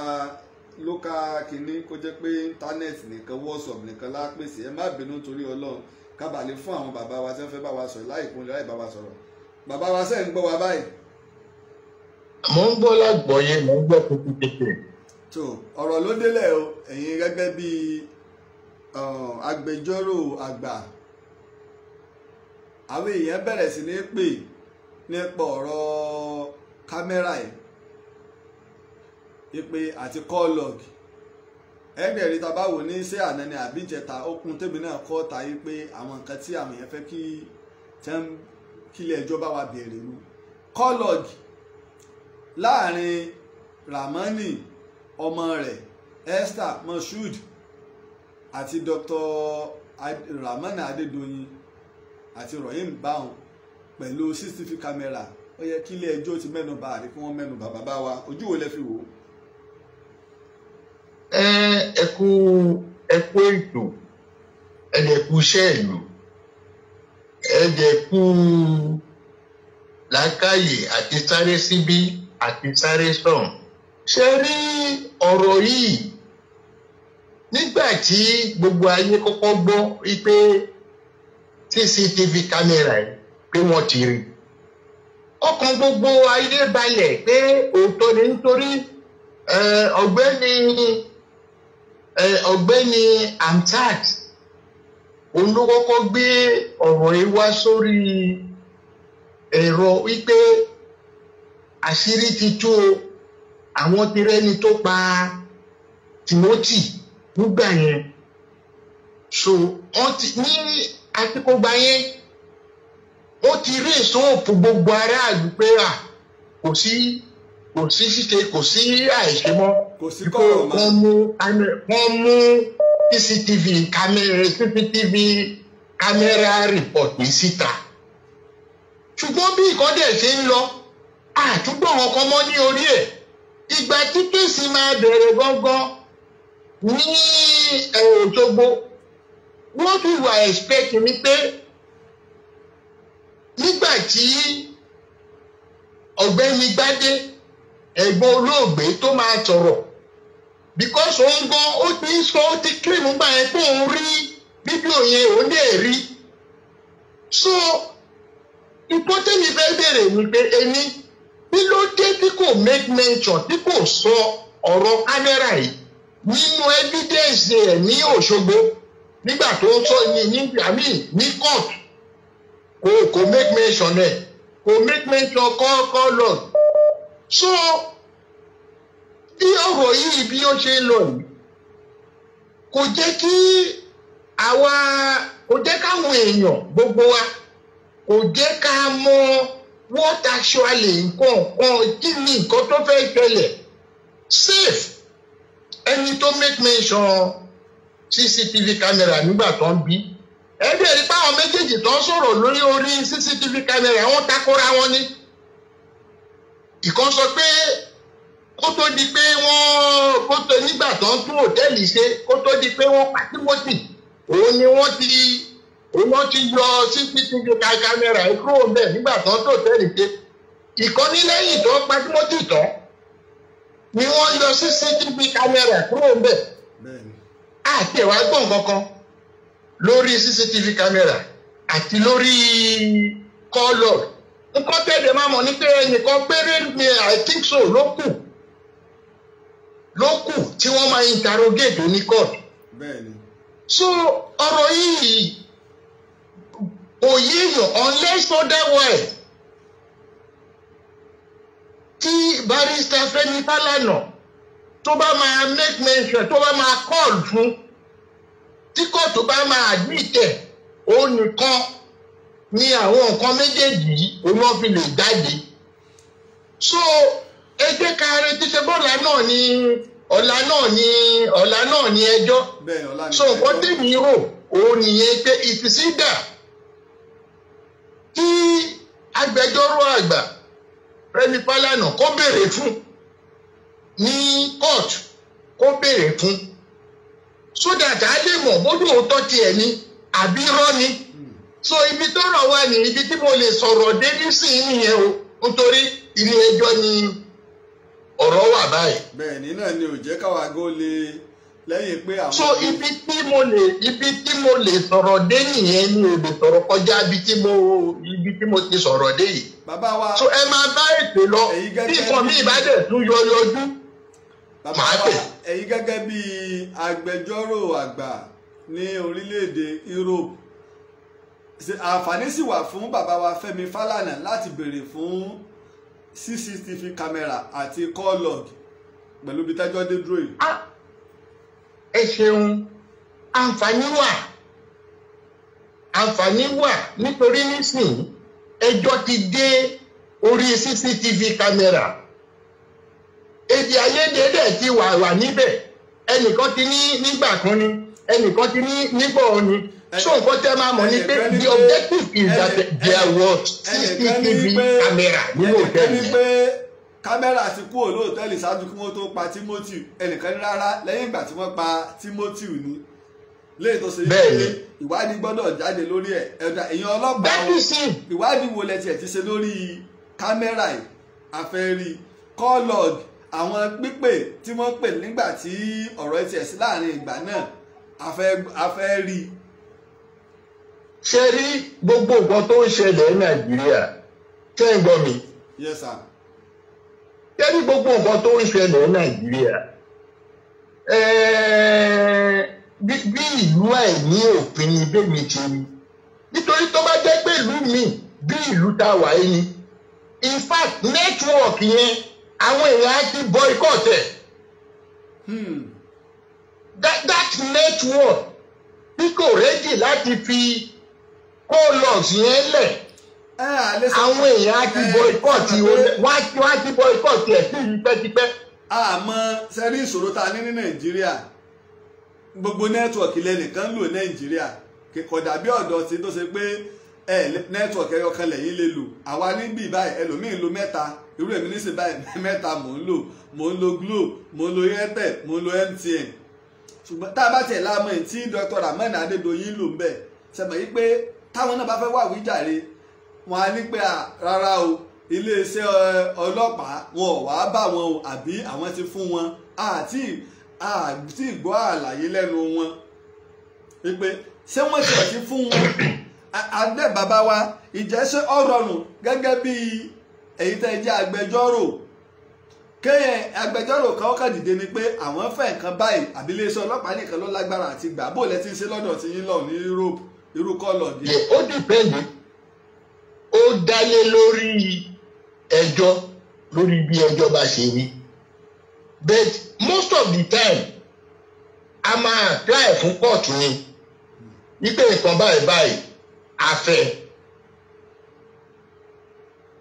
local kínní kó jẹ́ pé íńtánẹ́ẹ̀tì nìkan wọ́ọ̀sọ̀m nìkan lápèsè ẹ má bínú torí ọlọ́run kábàlẹ̀ fún àwọn bàbá wa tí wọ́n fẹ́ bá wa sọ̀rọ̀ láì kúnlẹ̀ láì bá wa sọ̀rọ̀ bàbá wa sẹ́ ń gbọ́ wa báyìí. mo ń gbọ́ lágbọ̀ọ́yé mo ń gbọ́ kékeré. tó ọ̀rọ̀ ló délẹ̀ o ẹ̀yin gẹ́gẹ́ bí agbẹjọ́rò àgbà àwọn èèyàn bẹ̀rẹ̀ sí ní pè nípa ọ̀rọ̀ kámẹ́rà yìí ìpè àti call log ẹgbẹ̀rin tá a bá wò ní ṣé àná ni àbí ìjẹta ó kún tèmi náà kọ́ ta yìí pé àwọn nǹkan tí àwọn èèyàn fẹ́ kí kílẹ̀ ẹjọ́ bá wa bẹ̀rẹ̀ lu kọ́lọ̀d láàrin ramani ọmọ rẹ̀ esther moshood àti dr ramani adédoyin àti rohim bahun pẹ̀lú cctv camera ó yẹ kílẹ̀ ẹjọ́ ti mẹ́nuba àbí kí wọ́n mẹ́nuba bàbá wa ojú wo lẹ fi wò ó ẹ kú ẹ kú ètò ẹ dẹ kú iṣẹ́ ìlú ẹ jẹ́ kú làákàyè àti sáré síbí àti sáré sọ̀hún ṣe rí ọ̀rọ̀ yìí nígbà tí gbogbo ayé kọ́kọ́ gbọ́ wípé cctv kámẹ́rà yìí pé wọ́n ti rí ọkàn gbogbo ayé balẹ̀ pé òótọ́ ni nítorí ọ̀gbẹ́ni ọ̀gbẹ́ni amtad òun ló kọ́kọ́ gbé ọ̀rọ̀ yìí wá sórí ẹ̀rọ wípé àṣírí ti tú o àwọn ti rẹ́ni tó pa Timothy nígbà yẹn so wọ́n ti ní àtikógbà yẹn wọ́n ti rí ìsóòpù gbogbo aráàlú pé à kò sí kò sí ṣíṣe kò sí àìṣe mọ́ kò sí kọ́ ọ̀rọ̀ mọ́ wọ́n mú cctv camera cctv camera report ní síta ṣùgbọ́n bí ìkọ́dẹ̀ ṣe ń lọ àtúgbò ọkọ mọ́ ní orí ẹ̀ ìgbà tí kéèsì máa bẹ̀rẹ̀ gángan ní Òṣogbo wọ́n fi wà expect mi pé nígbà tí ọ̀gbẹ́ni gbádé ẹ̀gbọ́n olóògbé tó máa sọ̀rọ̀ because òun gan ó ti ń sọ ó ti claim gbà yẹn pé òun rí fídíò yẹn òun lè rí so nǹkan tẹ́mi fẹ́ bẹ̀rẹ̀ ni pé ẹni bí ló dé tí kò make mention tí kò sọ ọ̀rọ̀ kámẹ́rà yìí nínú evidence ẹ̀ ní Òṣogbo nígbà tó ń sọ ní ní àmì ní court kò kò make mention ẹ̀ kò make mention kọ́ kọ́ lọ so bí ọ̀rọ̀ yìí bí ó ṣe ń lọ yìí kò jẹ́ kí àwa kò jẹ́ káwọn èèyàn gbogbo wa kò jẹ́ ká mọ what actually nǹkan kan kí ni nǹkan tó fẹ́ ṣẹlẹ̀ safe ẹni tó make mention cctv camera nígbà tó ń bí ẹbí ẹ̀rí báwọn méjèèjì tó ń sọ̀rọ̀ lórí orí cctv camera wọ́n takora wọn ni ìkan sọ pé kó tó di pé wọ́n kó tó nígbà tó ń tún hòtẹ́ẹ̀lì ṣe kó tó di pé wọ́n pa Timothy òun ni wọ́n ti òun wọ́n ti yọ CCTV kámẹ́rà kúrò bẹ́ẹ̀ nígbà tó ń tún hòtẹ́ẹ̀lì ṣe ìkọ́ni lẹ́yìn tó pa Timothy tán ni wọ́n yọ CCTV kámẹ́rà kúrò bẹ́ẹ̀ àti ẹ̀wà gbọ̀n kankan lórí CCTV kámẹ́rà àti lórí kọ́lọ̀ nǹkan tẹ̀lé máa mọ̀ ní pé ẹnìkan péré ni I think so ló kù ló kù tí wọ́n máa interrogate oníkọ́d. so ọ̀rọ̀ yìí kò yé èèyàn unless otherwise tí barista Fẹ́mi Fálànà tó bá máa make mention tó bá máa call fún tí kóòtù bá máa admit ẹ̀ òun nìkan ni àwọn nǹkan méjèèjì yìí òun ló fi lè jáde. so ẹ jẹ́ bọla náà ni ọ̀la náà ni ọ̀la náà ni ẹjọ́ so nǹkan tèmi rò òun nìyẹn pé ìtìsídà tí agbẹjọ́rò àgbà Rẹ̀mí Pálánà kó béèrè fún ní kóòtù kó béèrè fún sódà tá a lè mọ̀ bójú òótọ́ tiẹ̀ ni àbí ni so ibi tó rọ̀ wá ibi tí mo lè sọ̀rọ̀ dé nísìnyí nìyẹn o nítorí ọ̀rọ̀ wà báyìí. bẹ́ẹ̀ nínú ni ò jẹ́ káwa gó le lẹ́yìn pé àwọn. so ibi tí mo lè ibi tí mo lè sọ̀rọ̀ dé nìyẹn ni ò lè sọ̀rọ̀ kọjá ibi tí mo ibi tí mo ti sọ̀rọ̀ dé yìí. bàbá wa so ẹ máa bá èpè lọ bí nǹkan mi ìbá dẹ̀ tún yọ yọjú màá pè. ẹ̀yin gẹ́gẹ́ bí agbẹjọ́rò àgbà ní orílẹ̀-èdè Europe àǹfààní sì wà fún bàbá wa Fẹ́mi falana láti béèrè fún cctv camera àti call log pẹ̀lú ibi tájọ́ dé dúró yìí. Ah, ẹ ṣeun àǹfààní wà àǹfààní wà nítorí nísìnyí ẹjọ́ ti dé orí cctv camera èdè àìyedè dẹ̀ ti wà wà níbẹ̀ ẹnìkan ti ní nígbà kan ni ẹnìkan ti ní nígbà òní so nǹkan tẹ́ máa mọ̀ ni pé the objective is that there was CCTV camera nínú òtẹ́ẹ̀lì kámẹ́rà ti kúrò lóòtẹ́ẹ̀lì ṣáájú kí wọ́n tó pa Timothy ẹnìkan rárá lẹ́yìn ìgbà tí wọ́n pa Timothy ni léyìn tó ṣe yí ìwádìí gbọ́dọ̀ jáde lórí ẹ̀ ẹ̀dá èèyàn ọlọ́pàá o ìwádìí wo lẹ tiẹ̀ ti ṣe lórí kámẹ́rà yìí àfẹ́rí call log àwọn pípè tí wọ́n pè nígbà tí ọ̀rọ̀ ẹ̀ tiẹ̀ sí láàrin ìgbà náà àfẹ́rí ṣe rí gbogbo nǹkan tó ń ṣẹlẹ̀ ní nàìjíríà ṣé ń gbọ́ mi. yes sir. ṣe rí gbogbo nǹkan tó ń ṣẹlẹ̀ ní nàìjíríà bí ìlú àìní òfin ni bẹ́ẹ̀ni ṣe ni nítorí tó bá jẹ́ pé ìlú mi bí ìlú tá wà yìí ni in fact network yẹn àwọn èèyàn á ti boycott ẹ̀. Hmm. that that network bí kò rẹ́jì láti fi polos yẹn lẹ̀ àwọn èèyàn á ti boycott wọ́n á ti boycott ẹ̀ sí tipẹ́tipẹ́. àmọ́ sẹ́rí ìṣòro tá a ní ní nàìjíríà gbogbo nẹ́tíwọ̀kì lẹ́nìkan lò nàìjíríà kò dàbí ọ̀dọ̀ tí tó ṣe pé ẹ nẹ́tíwọ̀kì ẹyọ kan lẹ́yìn lè lò àwa níbí báyìí ẹlòmíín lo mẹ́ta irú èmi nísìnyí báyìí [laughs] mẹ́ta mò ń lò mò ń lo glo mò ń lo airtel mò ń lo mtn ṣùgbọ́n tá a bá tiẹ̀ láàmú ẹ̀ tí dr rahman adédoyin lò ń bẹ̀ ṣe táwọn náà bá fẹ́ wà wíjàre wọn á ní pé rárá o iléeṣẹ́ ọlọ́pàá wọn ò wá bá wọn o àbí àwọn ti fún wọn àti àti ìgbọ́ àlàyé lẹ́nu wọn wípé ṣé wọ́n ti ọ̀tí fún wọn adé bàbá wa ìjẹ́ ṣé ó rọrùn gẹ́gẹ́ bí èyí tẹ́ jẹ́ agbẹjọ́rò kéèyàn agbẹjọ́rò kan ó kàn ni pé àwọn fẹ́ nǹkan báyìí àbí iléeṣẹ́ ọlọ́pàá nìkan ló lágbára àti gbà bó lẹ́tí ṣe lọ́dọ̀ ti yín lọ ní Europe irú kọlọ ni. ó dìpẹ́ndì ó dálé lórí ẹjọ́ lórí bí ẹjọ́ bá ṣe rí but most of the time a máa apply fún court ni wípé nǹkan báyìí báyìí a fẹ́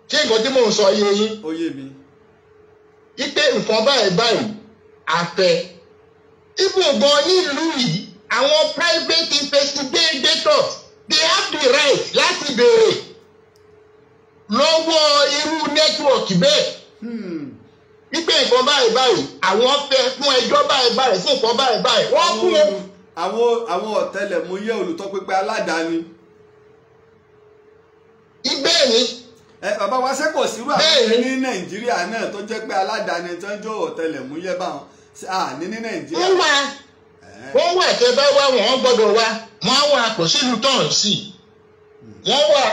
ṣé nǹkan tí mò ń sọ yé yín wípé nǹkan báyìí báyìí a fẹ́ ibùgbọ́n nílùú yìí àwọn private investigators they have the right láti béèrè lọ́wọ́ irú network bẹ́ẹ̀ hmm. wípé nǹkan báyìí báyìí àwọn fẹ́ fún ẹjọ́ báyìí báyìí sí nǹkan báyìí báyìí wọ́n kú. Hmm. àwọn àwọn ọ̀tẹlẹ̀múyẹ́ olùtọ́pẹ́pẹ́ aládàáni. ibẹ̀ ni. ẹ bàbá wa sẹ́kọ̀ọ́ sírú àwọn ní nàìjíríà náà tó jẹ́ pé aládàáni tó ń jọ ọ̀tẹlẹ̀múyẹ́ báwọn àní ní nàìjíríà. tẹ bá wá wọn gbọ́dọ̀ wá wọn á wà kò sílùú tán sí wọn wà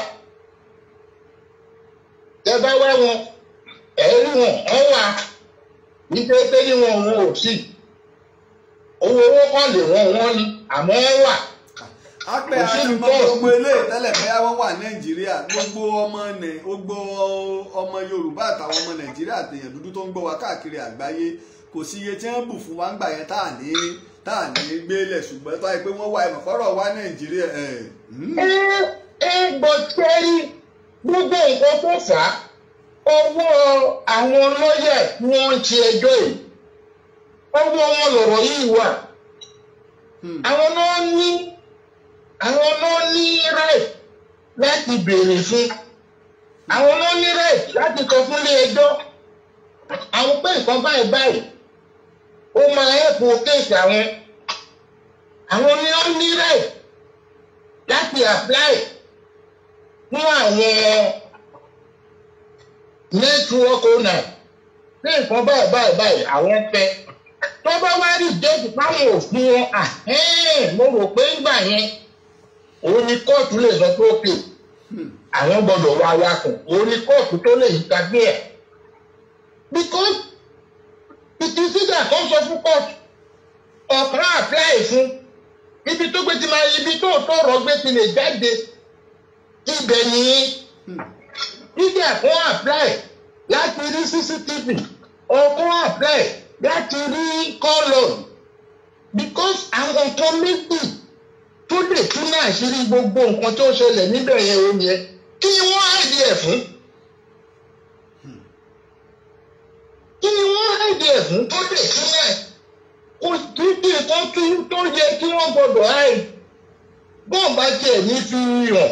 tẹ bá wá wọn ẹ rí wọn wọn wà wọn wọn ò sí owó owó kan lè wọn wọn ni àmọ wọn wà gbogbo eléyìí bẹyà wọn wà nàìjíríà gbogbo ọmọ nẹ ọmọ yorùbá àtàwọn ọmọ nàìjíríà tó ń káàkiri àgbáyé kò sí fún wa yẹn tá tá à ní gbélé ṣùgbọ́n tó yẹ pé wọ́n wá ìmọ̀ kọ́rọ̀ wá nàìjíríà. Hmm. ẹ gbọ́dọ̀ gbogbo nǹkan tó fà á owó àwọn lọ́yà wọn ti ẹjọ́ yìí owó wọn lọ̀rọ̀ yìí wà hmm. àwọn náà ní àwọn náà ní right láti béèrè fún àwọn náà ní right láti kọ fún ilé ẹjọ́ àwọn pé nǹkan báyìí báyìí ó máa ẹ̀pù kéèsì àwọn àwọn ni ó ní rẹ̀ láti apply fún àwọn network owner ní nǹkan báyìí báyìí báyìí àwọn fẹ́ tó bá wá rí déètì fáwọn òfin wọn mo rò pé ńgbà yẹn òun ni kóòtù lè sọ pé ó pè àwọn gbọ́dọ̀ wá wakùn òun ni kóòtù tó lè yíká gbé ẹ̀ because títí sídà tó ń sọ fún kóòtù ọ̀kan àpláì fún ibi tó gbé ti máa ibi tó tọrọ gbé ti lè jáde ibẹ̀ nìyí sídà fún àpláì láti rí cctv ọkàn àpláì láti rí kọ́lọ̀n because àwọn nǹkan méjì tó lè tún náà ṣe rí gbogbo nǹkan tó ṣẹlẹ̀ níbẹ̀ yẹn o yẹn kí ni wọ́n á di ẹ̀ fún kí wọ́n orílẹ̀-èdè ẹ̀gún tó dé sílẹ̀ kò síbi tó tún tó yẹ kí wọ́n gbọdọ̀ áì bóun bá tiẹ̀ ní fi hàn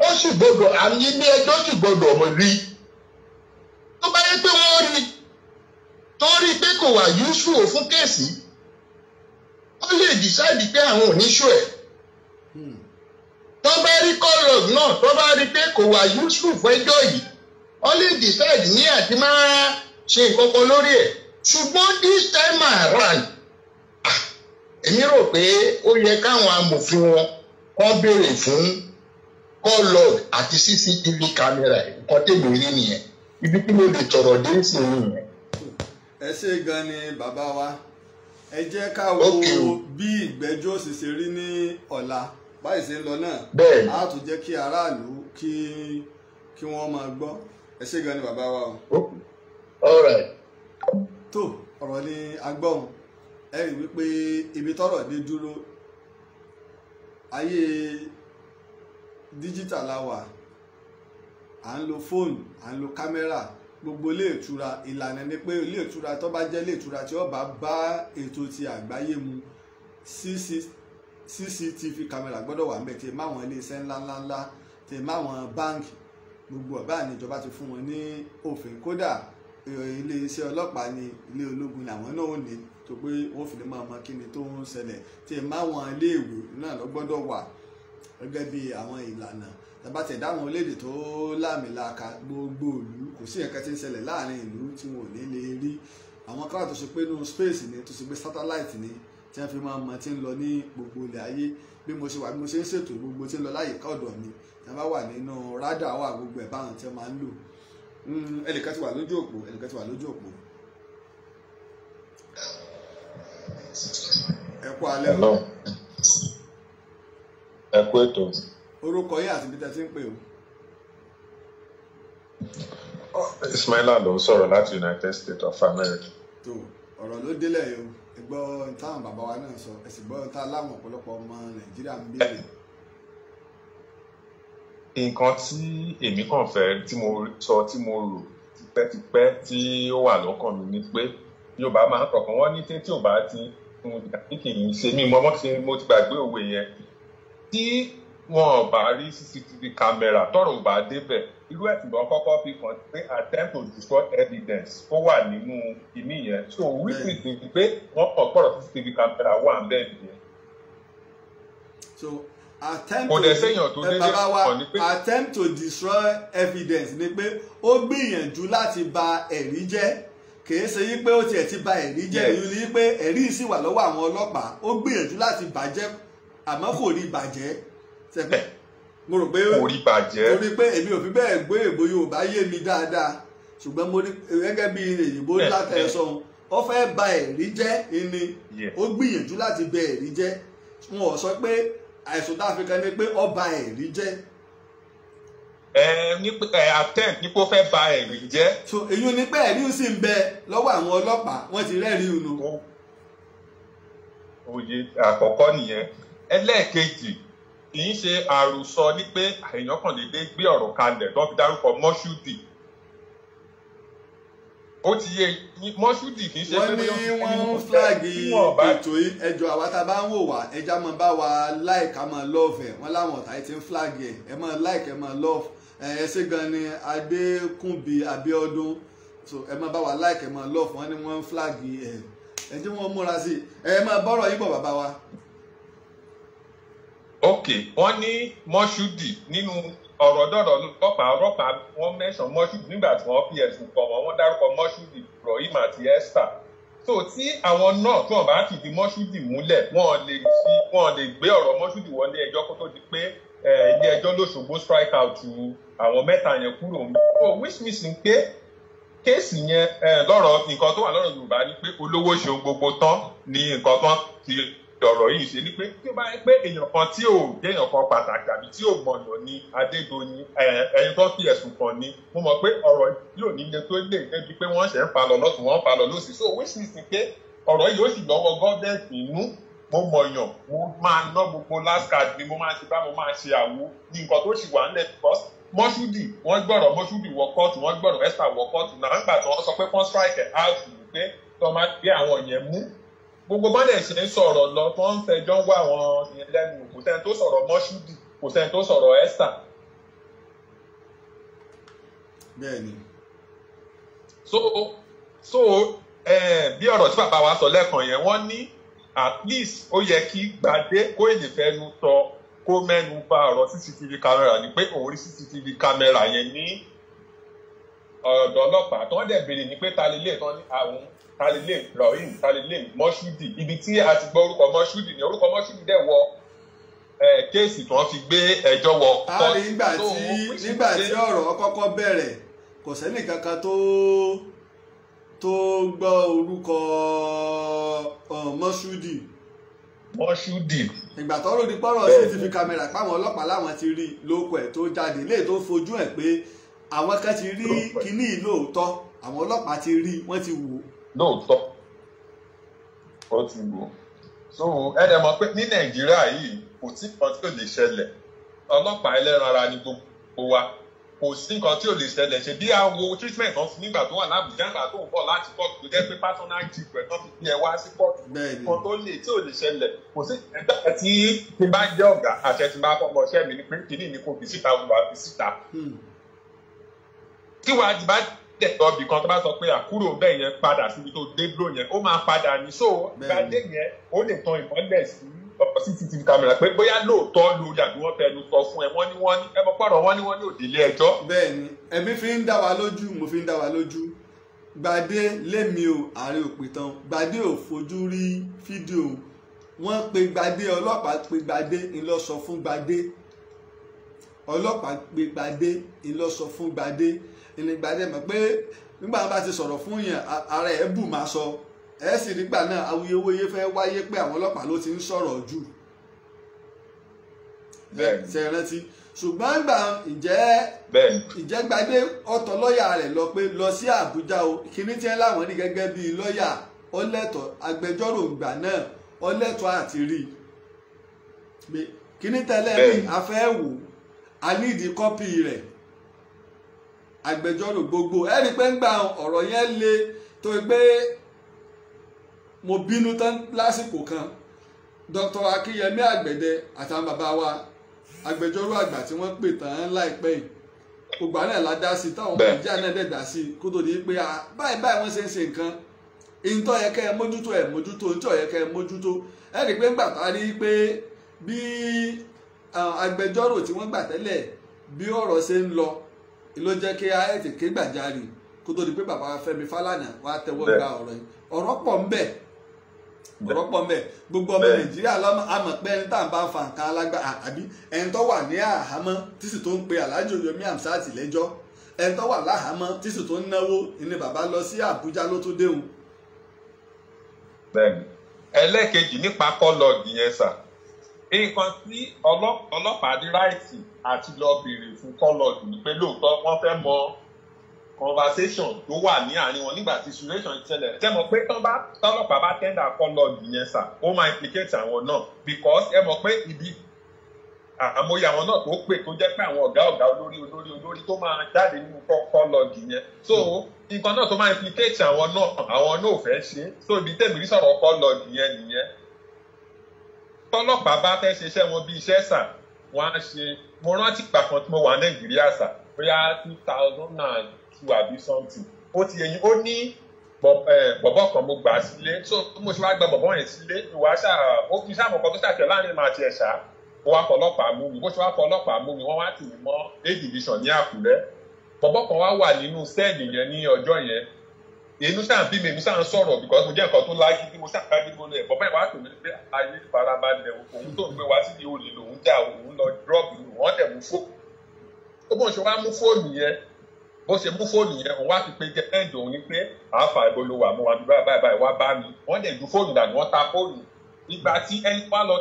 wọ́n sì gbọdọ̀ àmì ilé ẹjọ́ sì gbọdọ̀ mọ̀ rí tó bá yẹ pé wọ́n rí tó rí pé kò wà yúṣù fún kẹ̀sì wọ́n lè dìsáìdì pé àwọn ò ní ṣù ẹ̀ hmm. tó bá rí kọ́lọ̀g náà tó bá rí pé kò wà yúṣù fún ẹjọ́ yìí wọ́n lè dìsáìdì ní àti máa ṣe nǹkan kan lórí ẹ̀ ṣùgbọ́n this time around ah, èmi rò pé ó yẹ káwọn amòfin wọn kọ́ béèrè fún call log àti cctv camera nǹkan tèmi rí nìyẹn ibi tí mo lè tọrọ dé sí nìyẹn. ẹ ṣe gan ni bàbá wa ẹ jẹ́ ká wo bí ìgbẹ́jọ́ sì ṣe rí ní ọ̀la báyìí ṣe ń lọ náà á tún jẹ́ kí aráàlú kí wọ́n máa gbọ́ ẹ ṣe gan ni bàbá wa o. Okay all right. tó ọ̀rọ̀ ni agbọ́hùn ẹ rí wípé ibi tọ́rọ̀ dé dúró ayé díjítà la wà à ń lo fóònù à ń lo kámẹ́rà gbogbo ilé ìtura ìlànà ni pé ilé ìtura tó bá jẹ́ ilé ìtura tí ó bá bá ètò ti àgbáyé mu cctv kámẹ́rà gbọ́dọ̀ wà ńbẹ̀ tí ì máwọn iléeṣẹ́ ńláńláńlá tí ì máwọn báńkì gbogbo ọ̀bá níjọba ti fún wọn ní òfin kódà iléeṣẹ́ ọlọ́pàá ni ilé ológun làwọn náà ò ní tó pé wọ́n fi lè máa mọ kí ni tó ń ṣẹlẹ̀ tí ẹ̀ máa wọn iléèwé náà ló gbọ́dọ̀ wà gẹ́gẹ́ bí àwọn ìlànà tàbátẹ̀ dáwọn olédè tó láàmìlàaka gbogbo ìlú kò sí ẹ̀ka tí ń ṣẹlẹ̀ láàrin ìlú tí wọn ò ní lè rí àwọn káwà tó ṣe pé nínú space ni tó ṣe pé satellite ni tí wọ́n fi máa mọ tí ń lọ ní gbogbo ilẹ̀ ayé bí mo ṣe wà bí mo ṣe ń ṣètò gbogbo tí ń lọ láyìíká ọ̀dọ̀ mi tí wọ́n bá wà nínú rádà wà gbogbo ẹ̀ báwọn tí wọ́n máa ń lò Mm, ẹnìkan ti wà lójú òpó ẹnìkan ti wà lójú òpó. ẹ kú alẹ́ o. ẹ kú ètò. orúkọ àti bíta ti ń o. Ismaila ló ń sọ̀rọ̀ láti United States of America. tó ọ̀rọ̀ ló délẹ̀ yìí o ẹ gbọ́ wa náà sọ ẹ sì gbọ́ táwọn ọ̀pọ̀lọpọ̀ ọmọ Nàìjíríà ń Nǹkan tí èmi kàn fẹ́ tí mo sọ tí mo rò tipẹ́tipẹ́ tí ó wà lọ́kàn mi ni pé Yorùbá máa ń kọ̀ọ̀kan wọ́n ní tí tí ò bá ti fún tàbí kì í ṣe mí mo ti mo ti gbàgbé òwe yẹn tí wọn ò bá rí CCTV camera tọrọ ò bá débẹ̀ irú ẹ̀ tìbọn kọ́kọ́ fi kàn pé attempt to destroy evidence ó wà nínú ìní yẹn so wípé pé wọ́n kàn gbọ́dọ̀ CCTV camera wà ń bẹ́ẹ̀ nìyẹn. so ọ̀dẹ̀ sẹ́yìn ọ̀tún dédé ọ̀ ni pé. attempt to destroy evidence ni pé ó gbìyànjú láti ba ẹ̀rí jẹ́ kìí ṣe yí pé ó tiẹ̀ ti ba ẹ̀rí jẹ́ èyí ni pé ẹ̀rí sì wà lọ́wọ́ àwọn ọlọ́pàá ó gbìyànjú láti bàjẹ́ àmọ́ kò rí bàjẹ́ sẹ́pẹ̀ mo rò pé kò rí bàjẹ́ torí pé èmi ò fi bẹ́ẹ̀ gbé ègbò Yorùbá yé mi dáadáa ṣùgbọ́n mo rí gẹ́gẹ́ bí èyìnbó látẹ̀ sọ̀hún ó fẹ́ ba ẹ̀rí jẹ́ ẹni ó gbìyànjú láti ba ẹ̀rí jẹ́ wọn ò sọ pé àìsùn tá a fi kan ni pé ọba ẹ̀rí jẹ́. ẹ nípa ẹ attempt nípa ó fẹ́ ba ẹ̀rí jẹ́. so èyí ni pé ẹ̀rí sì ń bẹ lọ́wọ́ àwọn ọlọ́pàá wọ́n ti rẹ́ẹ̀rí inú. òye àkọ́kọ́ nìyẹn ẹlẹ́ẹ̀kejì kì í ṣe àròsọ ní pé èèyàn kàn lè dé gbé ọ̀rọ̀ kalẹ̀ tó fi dárúkọ mọ́ṣúdì ó ti yẹ mọ́ṣúdì kì í ṣe pé wọ́n ní wọ́n flag ètò ẹjọ́ àwa a bá ń wò wá ẹja máa bá wa like a love ẹ̀ wọ́n láwọn ọ̀tá yìí ti ń flag ẹ̀ ẹ máa like ẹ máa love ẹ̀ ẹ ṣe gan ni Adékúnbí Abíọ́dún so ẹ máa bá wa like ẹ máa love wọ́n ní wọ́n ń flag ẹ̀ ẹ jẹ́ wọ́n múra sí i ẹ máa bọ́rọ̀ yín bọ̀ bàbá wa. ok wọ́n ní mọ́ṣúdì nínú ọ̀rọ̀ dọ̀rọ̀ lọ́pàá ọlọ́pàá wọ́n mẹ́sàn mọ́ṣúdì nígbà tí wọ́n fi ẹ̀sùn kàn wọ́n wọ́n dárúkọ mọ́ṣúdì Ibrahim àti Esther so tí àwọn náà tí wọ́n bá fìdí mọ́ṣúdì múlẹ̀ wọ́n lè fi wọ́n lè gbé ọ̀rọ̀ mọ́ṣúdì wọlé ẹjọ́ kó tó di pé ilé ẹjọ́ lóṣogbo strike out àwọn mẹ́ta yẹn kúrò ń bọ̀ which means pé kéèsì yẹn lọ́rọ̀ nǹkan tó wà lọ́rọ̀ Yorùbá ni pé olówó ṣe gbogbo tán ni nǹkan tán ti ọ̀rọ̀ yìí ṣe ni pé tí o bá yẹ pé èèyàn kan tí ò jẹ́yàn kan pàtàkì àbí tí ò mọ̀nà ni Adédoyin ẹni tó fi ẹ̀sùn kàn ni mo mọ̀ pé ọ̀rọ̀ yóò níye tó lè débi pé wọ́n ṣẹ̀ ń palọ̀ lọ́tún wọ́n ń palọ̀ lọ́sì so which means pé ọ̀rọ̀ yìí ó sì lọ́wọ́ gọ́ọ̀mẹ̀ntì inú mo mọ̀yàn mo máa ná gbogbo last card ni mo máa ṣe bá mo máa ṣe àwo ní nǹkan tó ṣì wà nílẹ̀ because mọ́ṣúdì wọ́n gbọ́dọ̀ mọ́ṣúdì wọ kóòtù wọ́n gbọ́dọ̀ ẹ́sà wọ kóòtù náà nígbà tí wọ́n sọ pé wọ́n strike out pé tí wọ́n máa gbé àwọn yẹn mú gbogbo bọ́dẹ̀ ṣe ń sọ̀rọ̀ lọ tó ń fẹjọ́ wá àwọn ìyẹn lẹ́nu kò sẹ́ni tó sọ̀rọ̀ mọ́ṣúdì kò sẹ́ni tó sọ̀rọ̀ ẹ́sà. bẹ́ẹ̀ni. so so bí ọ̀rọ̀ tí bàbá wa sọ lẹ́kàn yẹn wọ́n ní at least ó yẹ kí gbadé kó èlè fẹnu sọ kó mẹ́nu bà ọ̀rọ̀ cctv camera ni pé òun rí cctv camera yẹn ní ọ̀dọ̀ ọlọ́pàá tó ń dẹ̀ béèrè ni pé ta lè lè e, tán ní àwọn talilin rahim talilin mọ́ṣúdì ibi tí a ti gbọ́ orúkọ mọ́ṣúdì ni orúkọ mọ́ṣúdì dẹ̀ wọ kéèsì tí wọ́n fi gbé ẹjọ́ wọ. a rí nígbà tí nígbà tí ọ̀rọ̀ kọ́kọ́ bẹ̀rẹ̀ kò sẹ́ni kankan tó tó gbọ́ orúkọ mọ́ṣúdì. mọ́ṣúdì. ìgbà tó ló di pọ́rọ̀ sí ti fi kámẹ́rà páwọn ọlọ́pàá láwọn ti rí lóko ẹ̀ tó jáde ilé tó fojú ẹ̀ pé àwọn kan ti rí kinní ìlóòótọ́ àwọn ọlọ́pàá ti rí wọ́n ti wò ó lóòótọ́ ó ti wò so ẹ dẹ̀ mọ̀ pé ní nàìjíríà yìí kò sí nǹkan tí ò lè ṣẹlẹ̀ ọlọ́pàá ẹlẹ́ran ara ni gbogbo wa kò sí nǹkan tí ò lè ṣẹlẹ̀ ṣe bí awo treatment kan fún nígbà tó wà lábùjá nígbà tó ń bọ̀ láti port tó jẹ́ pé personal jeep rẹ̀ tó fi gbé ẹ wá sí port kan tó lè tí ò lè ṣẹlẹ̀ kò sí ẹgbẹ́ tí tí bá jẹ́ ọ̀gá àṣẹ tí bá fọmọ iṣẹ́ mi ní pé kínní fi síta wùwà fi síta. kí hmm. wàá di bá tẹ̀tọ́ bì kan tó bá sọ pé àkúrò bẹ́ẹ̀ yẹn padà síbi tó dé yẹn ó máa padà ní so gbadé yẹn ó lè tan ìmọ́lẹ̀ sí cctv camera pé bóyá lóòótọ́ lórí àbí wọ́n fẹnu sọ fún ẹ wọ́n ní wọ́n ní ẹ mọ̀ pọ̀rọ̀ wọ́n ní wọ́n ní òdìlé ẹjọ́. bẹ́ẹ̀ni ẹbí fi ń dá wa lójú mo fi ń dá wa lójú gbadé lémi o ààrẹ òpìtàn gbadé ò fojú rí fídíò wọn pe gbadé ọlọ́pàá pe gbadé ńlọ sọ fún gbadé ọlọ́pàá pe gbadé ńlọ sọ fún gbadé ìnìgbà dẹ̀ mọ̀ pé nígbà wọn bá ti sọ̀rọ̀ fún yàn ara ẹ̀ bù máa sọ ẹ̀ sì nígbà náà awuyewuye fẹ́ wáyé pé àwọn ọlọ́pàá ló ti ń sọ̀rọ̀ jù ṣe rántí ṣùgbọ́n gbà ǹjẹ́ ǹjẹ́ gbadé ọ̀tọ̀ lọ́ọ̀yà rẹ̀ lọ pé lọ sí Àbújá o kíní tiẹ̀ láwọn ní gẹ́gẹ́ bíi lọ́ọ̀yà ọlẹ́tọ̀ agbẹjọ́rò ìgbà náà ọlẹ́tọ̀ àti rí i kíní tẹ́lẹ̀ rí afẹ́ wò a nídìí kọ́pì rẹ̀ agbẹjọ́rò gbogbo ẹ̀rí pé ń gba ọ̀rọ̀ yẹn le tó pé mo bínú tán lásìkò kan Dr. Akínyẹmí Àgbẹ̀dẹ àtàwọn bàbá wa agbẹjọ́rò àgbà tí wọ́n pè tán láìpẹ́ yìí ògbà náà la dá sí táwọn ọmọ ìjà náà dẹ̀ dá sí kó tó di pé báyìí báyìí wọ́n ṣe ń ṣe nǹkan ìntọ́ yẹ kẹ́ ẹ mójútó ẹ mójútó ìntọ́ yẹ kẹ́ ẹ mójútó ẹ rí i pé gbà tá rí pé bí agbẹjọ́rò tí wọ́n gbà tẹ́lẹ̀ bí ọ̀rọ̀ ṣe ń lọ ló jẹ́ kí ayé tèké gbàjarì kó tó di pé bàbá Fẹ́mi Fálànà wàá tẹ́wọ́ gba ọ̀rọ̀ yìí ọ̀rọ̀ pọ̀ ń bẹ ọ̀rọ̀ pọ̀ ń bẹ gbogbo ọmọ Nàìjíríà lọ́mọ àmọ̀ pé ẹni tá à ń bá fa nǹkan alágbá àbí ẹni tó wà ní àhámọ́ títí tó ń pe Alhaji Yomi Amsat lẹ́jọ́ ẹni tó wà láhàámọ́ títí tó ń náwó ni bàbá lọ sí Àbújá ló tó déhùn. bẹ́ẹ̀ni ẹlẹ́kejì nípa kọlọọgì yẹn sà nǹkan tí ọlọ́pàá ní ráìtì àti lọ béèrè fún kọ́lọ́ọ̀dù ni pé lóòótọ́ wọ́n fẹ́ mọ conversation tó wà ní àárín wọn nígbà tí situation ṣẹlẹ̀ ṣe mọ̀ pé tán bá tọ́lọ́pàá bá tẹ́ndà kọ́lọ́ọ̀dù yẹn sà ó máa implicate àwọn náà because ẹ mọ̀ pé ibi àmọye àwọn náà tó pè tó jẹ́ pé àwọn ọ̀gá ọ̀gá olórí olórí olórí tó máa jáde nínú kọ́lọ́ọ̀dù yẹn so hmm. nǹkan náà tó máa implicate àwọn náà àwọn náà ò fẹ́ ṣe so ibi tẹ̀mí sọ̀rọ̀ kọ́lọ́ọ̀dù yẹn nìyẹn tọ́lọ́pàá bá fẹ́ ṣiṣẹ́ wọn bí iṣẹ́ sà wọ́n á ṣe mo rántí ìgbà kan tí mo wà nàìjíríà sà bóyá two thousand and two àbí something ó ti yẹn ó ní bọ̀bọ̀ kan mo gbà sílé so mo ṣe wá gba bọ̀bọ̀ yẹn sílé ìwà ṣà ó fi sáà mọ̀kọ́ tó ṣàtẹ̀ láàrin màá tiẹ̀ ṣá wọ́n wá fọlọ́pàá mú mi bó ṣe wá fọlọ́pàá mú mi wọ́n wá tì mí mọ́ a division ní àkúrẹ́ bọ̀bọ̀ kan wá wà nínú sẹ́ẹ̀lì yẹn ní ọjọ́ yẹn inú sáà bí mi inú sáà ń because mo jẹ́ nǹkan tó láàkì tí mo sáà ká gbígbó lẹ̀ bọ́ báyìí wàá tò mí pé ayé farabalẹ̀ òun tó ń gbé wá sí ni olè lòun jà òun lọ dúrọ́ọ̀bù ni wọ́n tẹ̀ mú fóònù ó bó ń ṣe wá mú fóònù yẹn bó ṣe mú fóònù yẹn òun wá fi pe jẹ́ẹ́dì òun ní pé àáfà ibo wà mú wa bí báyìí báyìí wá bá mi wọ́n dẹ̀ ju fóònù dànù wọ́n ta fóònù ìgbà tí ẹni wá lọ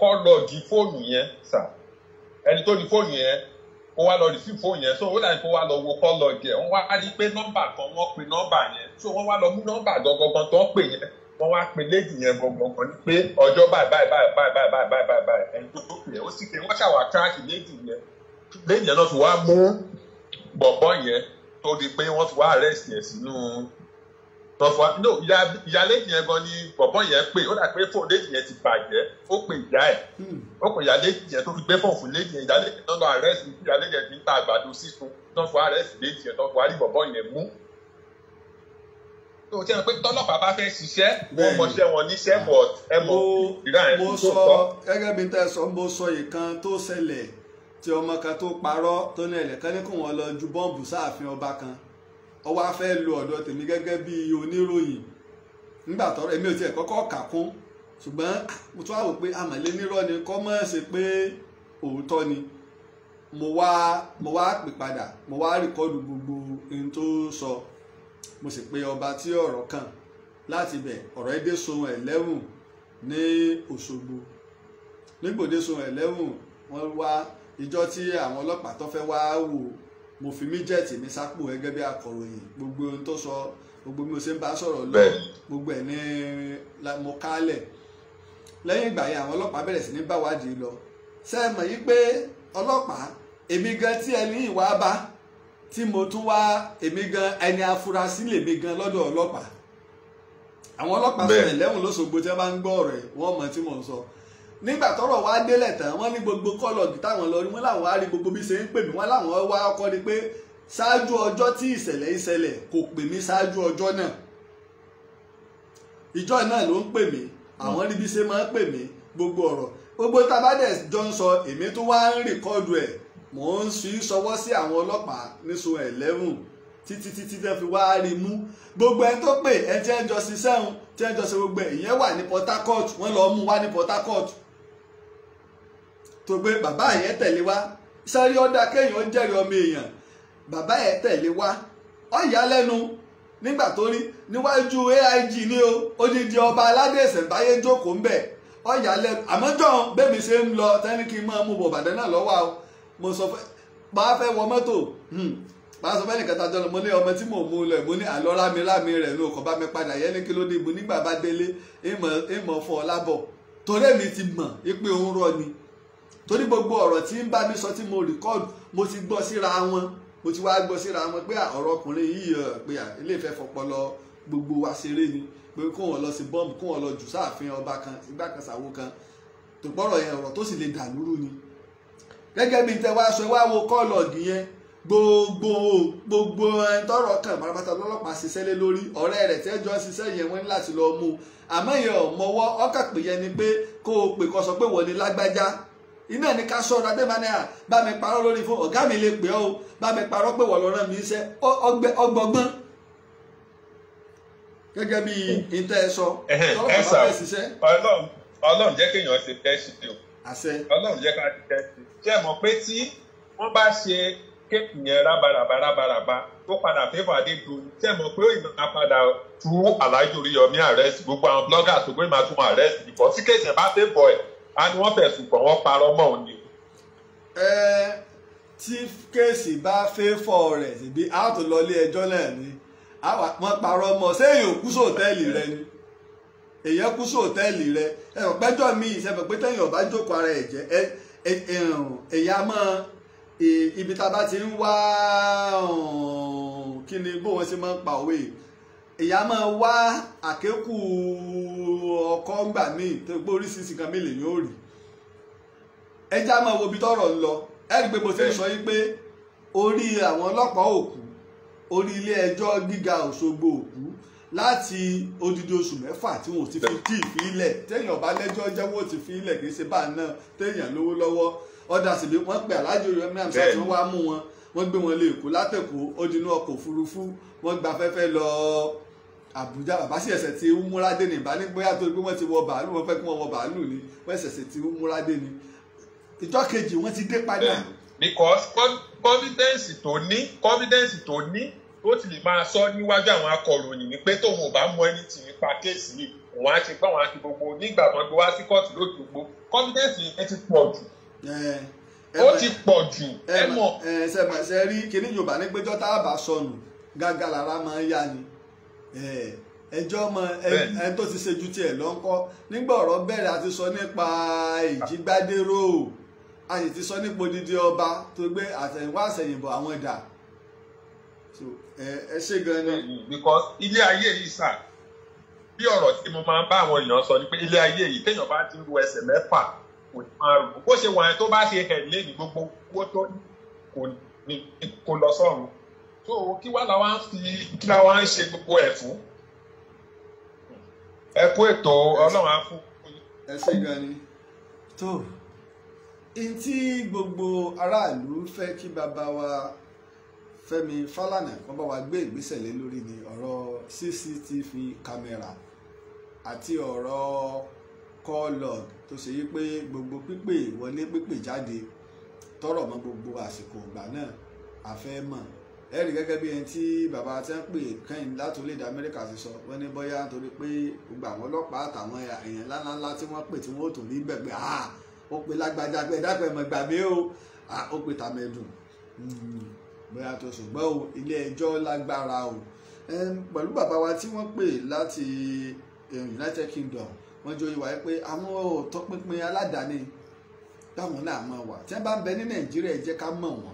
kọ́ lọ di fóònù yẹn sà ẹni tó di fóònù yẹn ó wá lọ receive fóònù yẹn so ó dàbí kó wá lọ wo call log yẹn wọ́n wá rí pé nọ́mbà kan wọ́n pe nọ́mbà yẹn so wọ́n wá lọ mú nọ́mbà gangan tó ń pè yẹn wọ́n wá pe lady yẹn gangan kan ní pé ọjọ́ báyìí báyìí báyìí báyìí báyìí báyìí báyìí báyìí ẹni tó tó pè é ó sì pé wọ́n ṣàwà kíráàkì lady yẹn lady yẹn náà fi wá mú bọ̀bọ́ yẹn tó di pé wọ́n fi wá arrest yẹn sínú tọfọ no ìyálẹ́jì yẹn gan ni bọ̀bọ̀ yẹn pé ó dà pé fóònù lẹ́jì yẹn ti bàjẹ́ ó pe ìyá ẹ̀ hmm. ó pe ìyálẹ́jì yẹn tó fi gbé fóònù fún lẹ́jì yẹn ìyálẹ́jì yẹn lọ́nà àrẹ́sì ìyálẹ́jì yẹn ti ń ta àgbàdo sísun tọ́fọ àrẹ́sì lẹ́jì yẹn tọ́fọ àrí bọ̀bọ̀ yẹn mú. tó o ti hàn pé tọ́lọ́pàá bá fẹ́ ṣiṣẹ́ wọ́n mọṣẹ́ wọn níṣẹ́ ah. bọ̀ ẹ mọ̀ ìran mo sọ gẹ́gẹ́ bí tẹ́ sọ mo sọ ìkan tó ṣẹlẹ̀ tí ọmọ kan tó parọ́ tó ní ẹ̀lẹ́kẹ́ ní kò wọ́n lọ ju bọ́ǹbù sáàfin ọba kan ó wá fẹ́ lo ọ̀dọ̀ tèmi gẹ́gẹ́ bí oníròyìn nígbà tọrọ èmi ò tiẹ̀ kọ́kọ́ kà kún ṣùgbọ́n ah, mo tún wá pé àmọ̀lé nírọ́ ni kọ́ mọ̀ ṣe pé òótọ́ ni mo wá mo wá pè padà mo wá rìkọ́dù gbogbo ohun tó sọ mo sì pe ọba tí ọ̀rọ̀ kàn láti bẹ̀ ọ̀rọ̀ ẹ̀ dé sun eleven ní Òṣogbo nígbòdé sun eleven wọ́n wá ìjọ tí àwọn ọlọ́pàá tó fẹ́ wá wò mo fi míjẹ̀tì mi sápò gẹ́gẹ́ bí akọ̀ròyìn gbogbo ohun tó sọ gbogbo bí mo ṣe ń bá sọ̀rọ̀ lọ gbogbo ẹ̀ ní mo kálẹ̀ lẹ́yìn ìgbà yẹn àwọn ọlọ́pàá bẹ̀rẹ̀ sí ní báwádìí lọ ṣe é mọ̀ yí pé ọlọ́pàá èmi gan tí ẹni ìwà bá tí mo tún wá èmi gan ẹni afurasí lèmi gan lọ́dọ̀ ọlọ́pàá àwọn ọlọ́pàá sọ̀rọ̀ lẹ́wọ̀n lóṣogbo tí wọ́n bá ń gbọ́ ọ̀rọ̀ ẹ̀ wọ́n mọ̀ tí mò ń sọ nígbà tọ́rọ̀ wa délẹ̀ tán wọ́n ní gbogbo kọlọgì táwọn lọ rí wọ́n láwọn á rí gbogbo bí ṣe ń pè mí wọ́n láwọn wá ọkọ ni pé ṣáájú ọjọ́ tí ìṣẹ̀lẹ̀ ìṣẹ̀lẹ̀ kò pè mí ṣáájú ọjọ́ náà ìjọ náà ló ń pè mí àwọn ríbi ṣe máa ń pè mí gbogbo ọ̀rọ̀ gbogbo tabadẹ jọ ń sọ èmi tó wá ń rìkọ́dù ẹ̀ mò ń fi sọwọ́ sí àwọn ọlọ́pàá níṣo eleven títí títí tẹ́ fi wá rí mú gbogbo ẹ tó pè ẹ jẹ́ ń jọ ṣiṣẹ́ ń jẹ́ ń jọ ṣe gbogbo ẹ̀ ìyẹn wà ní Port Harcourt wọ́n lọ mú wá ní Port Harcourt tó gbé bàbá yẹn tẹ̀lé wá sáré ọ̀dà kéèyàn jẹ́rìí ọmọ èèyàn bàbá yẹn tẹ̀lé wá ọ̀yálẹ́nu nígbà tó rí níwájú AIG ní o odidi ọba aládé ìṣẹ̀ǹbáyé jókòó ń bẹ̀ ọ̀yálẹ́nu àmọ́jọ́ bẹ́mi ṣe ń lọ tẹ́ni kí n máa mú bọ̀ bàdán náà lọ́wọ́ o mo sọ fẹ́ máa fẹ́ wọ mọ́tò máa hmm. sọ fẹ́nìkan tá a jọlọ mo ní ọmọ tí mò ń mú lọ mo ní àlọ́ rámi rámi rẹ̀ ló kọ́ bá mi padà yẹ́ ní kí ló dé ibu nígbà bá délé ìmọ̀ fọ́ ọ lábọ̀ torí èmi ti mọ̀ ipe òun rọ ni torí gbogbo ọ̀rọ̀ tí ń bá mi sọ tí mo rìkọ́dù mo ti gbọ́ síra wọn mo ti wá gbọ́ síra wọn pé ọ̀rọ̀ ọkùnrin yìí pé ilé ìfẹ́ fọpọlọ gbogbo wa ṣeré ni pé kó wọn lọ sí bọ́ọ̀mù kó wọn lọ jù sáàfin ọba kan ìgbà kan sàwo kan tó gbọ́rọ̀ yẹn ọ̀rọ̀ tó sì lè dà lúrú ni. gẹ́gẹ́ bí tẹ wá aṣọ wá wo kọ́ọ̀lọ́ọ̀gì yẹn gbogbo gbogbo ẹni tọ́rọ̀ kàn parapata lọ́lọ́pàá ṣiṣẹ́ lé lórí ọ̀rẹ́ rẹ̀ tẹjọ ṣiṣẹ́ yẹn wọ́n ní láti lọ mú un àmọ́ yẹn ò mọwọ́ ọkàn pè yẹn ni pé kó o pè kó sọ pé wọ́n ní lágbájá iná ní ká sọ̀rọ̀ adébáni à bá mi parọ́ lórí fún ọ̀gá mi lè pè ọ́ o bá mi parọ́ pé wọ́n lọ rán mi iṣẹ́ ọgbọ́gbọ́n gẹ́gẹ́ bí ìtẹ́ ẹ sọ tọ́lọ́pàá bá fẹ́ ṣiṣẹ́. ọlọ́run jẹ́ kéèyàn ṣe fẹ́ ṣe o ọlọ́run jẹ́ ká ṣe fẹ́ ṣe ṣé ẹ mọ̀ pé tí wọ́n bá ṣe kéèkì yẹn rábaraba rábaraba ó padà fẹ́fọ́ adédọ́yìn ṣé ẹ mọ̀ pé òyìnbó máa padà tú aláàjò orí yọmí arrest gbogbo àwọn blọ́gà tó gbé máa tún arrest bìkọ́ tí kéèsì ẹ̀ bá fẹ́ bọ̀ ẹ̀ a ní wọ́n fẹ̀sùn kàn wọ́n parọ́ mọ́ òun ni. ẹ tí kéèsì bá fẹ́ fọ rẹ̀ síbi a tó lọ ilé ẹjọ́ náà ni wọ́n parọ́ mọ́ sẹ́yìn òkú sòtẹ́ẹ̀lì rẹ ni èèyàn kú sòtẹ́ẹ̀lì rẹ ẹ ò pẹ́jọ́ mi ìṣẹ́fẹ̀ pé tẹ́yìn ọ̀bá jókòó ara ẹ̀ jẹ́ ẹ̀yà máa ibi tá a bá ti ń wá kí ni bó wọn ṣe máa ń pa òwe yìí ìyá máa wá àkékù ọkọ ńgbà míì tó gbé oríṣiríṣi kan míì lèyìn ó rí ẹjá máa wo ibi tọrọ ń lọ ẹ rí i pé mo ṣe sọ yí pé orí àwọn ọlọ́pàá òkú orí ilé ẹjọ́ gíga Òṣogbo òkú láti odidi oṣù mẹ́fà tí wọn ò ti fi tí ì fi ilẹ̀ téèyàn bá lẹ́jọ́ jẹ́wọ́ ti fi ilẹ̀ kì í ṣe báà náà téèyàn lówó lọ́wọ́ ọ̀dà sì bí wọ́n pè aláàjò rẹ̀ mẹ́rin ṣáà tí wá mú wọn wọ́n gbé wọn lé Èkó látẹ̀kọ́ ó dinú òfurufú wọ́n gba afẹ́fẹ́ lọ́ọ́ àbújá bàbá sì ẹsẹ̀ ti múradé ní ìbáni bóyá torí pé wọ́n ti wọ bàálù wọ́n fẹ́ kí wọ́n wọ bàálù ni wọ́n ẹsẹ̀ ti múradé ni ìjọ kejì wọ́n ti dé padà. because confidence tó ní confidence tó ní ó ti lè máa sọ níwájú àwọn akọ̀ròyìn wípé tóun ò bá mọ ẹni tì nípa kéèsì yìí òun á ti gbọ́ àwọn àti gbogbo nígbà tó ń gbé wá sí kóòtù lójú gbogbo confidence yẹn ti pọ̀ jù eh, ó eh, ti pọ̀ jù eh, ẹ mọ̀. ẹ ṣe rí kíní yorùbá ní péjọ tá a bá sọnù gágá lára máa ń yá ni. Eh, ẹjọ́ ọmọ ẹ tó ti ṣe ju tiẹ̀ lọ́ńkọ́ nígbà ọ̀rọ̀ bẹ̀rẹ̀ àti sọ nípa ìjígbádéró a sì ti sọ nípa odidi ọba tó gbé àtẹ̀yìnwá àṣẹ̀yìnbọ̀ àwọn ẹ̀dà ẹ ṣe gan ni. because ilé ayé yìí sà bí ọ̀rọ̀ tí mo máa ń bá àwọn èèyàn sọ ni pé ilé ayé yìí téèyàn bá ti ru ẹsẹ̀ mẹ́fà kò ní máa rù bó ṣe wà yẹn tó bá ṣe hẹ̀ lé ní gbogbo owó tó kò ní kó lọ sọ́run tó kí wá la wá ń fi kí la wá ń ṣe gbogbo ẹ̀ fún ẹ kó ètò ọlọ́run á fún. ẹ ṣe gan ni tó n tí gbogbo aráàlú fẹ́ kí bàbá wa Fẹ́mi Fálànà kan bá wa gbé ìgbésẹ̀ lé lórí ni ọ̀rọ̀ CCTV kámẹ́rà àti ọ̀rọ̀ call log tó ṣe yí pé gbogbo pípè wọlé pípè jáde tọrọ mọ́ gbogbo àsìkò ìgbà náà a fẹ́ mọ̀ ẹ̀rí gẹ́gẹ́ bí ẹni tí bàbá tí wọ́n pè kẹ́yìn láti orílẹ̀-èdè Amẹ́ríkà ti sọ wọ́n ní bóyá nítorí pé gbogbo àwọn ọlọ́pàá àtàwọn èèyàn ńláńlá tí wọ́n pè tí wọ́n tún rí bẹ̀ pé ah ó pe lágbájá pé dápẹ́ mọ̀ gbà mí o ah ó pe tàmẹ́dùn hmm, bóyá tó ṣùgbọ́n o ilé ẹjọ́ lágbára o pẹ̀lú bàbá wa tí wọ́n pè láti eh, United Kingdom wọ́n jọ ìwà pé àwọn òótọ́ pínpín aládàáni táwọn náà mọ̀ wà tí wọ́n bá ń bẹ wọ́n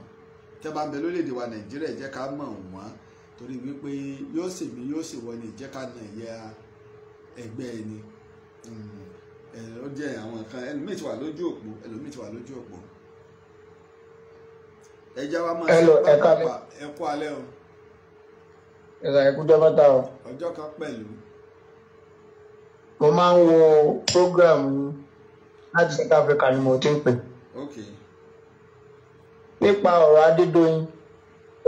tẹ́ bá ń bẹ lórílẹ̀‐èdè wa nàìjíríà jẹ́ ká mọ̀ wọ́n torí wípé yóò sì mí yóò sì wọ́n ní jẹ́ ká nà ẹ̀yà ẹgbẹ́ ẹni hmm. ó jẹ́ àwọn kan ẹlòmíì ti wà lójú òpó ẹlòmíì ti wà lójú òpó ẹjá wa máa ṣe pápá ẹkú alẹ́ o ẹ̀sà ẹ̀kújọ́ mẹ́ta o ọjọ́ kan pẹ̀lú. mo máa ń wo program láti South Africa ni mo ti ń pè. okay nípa ọ̀rọ̀ Adédoyin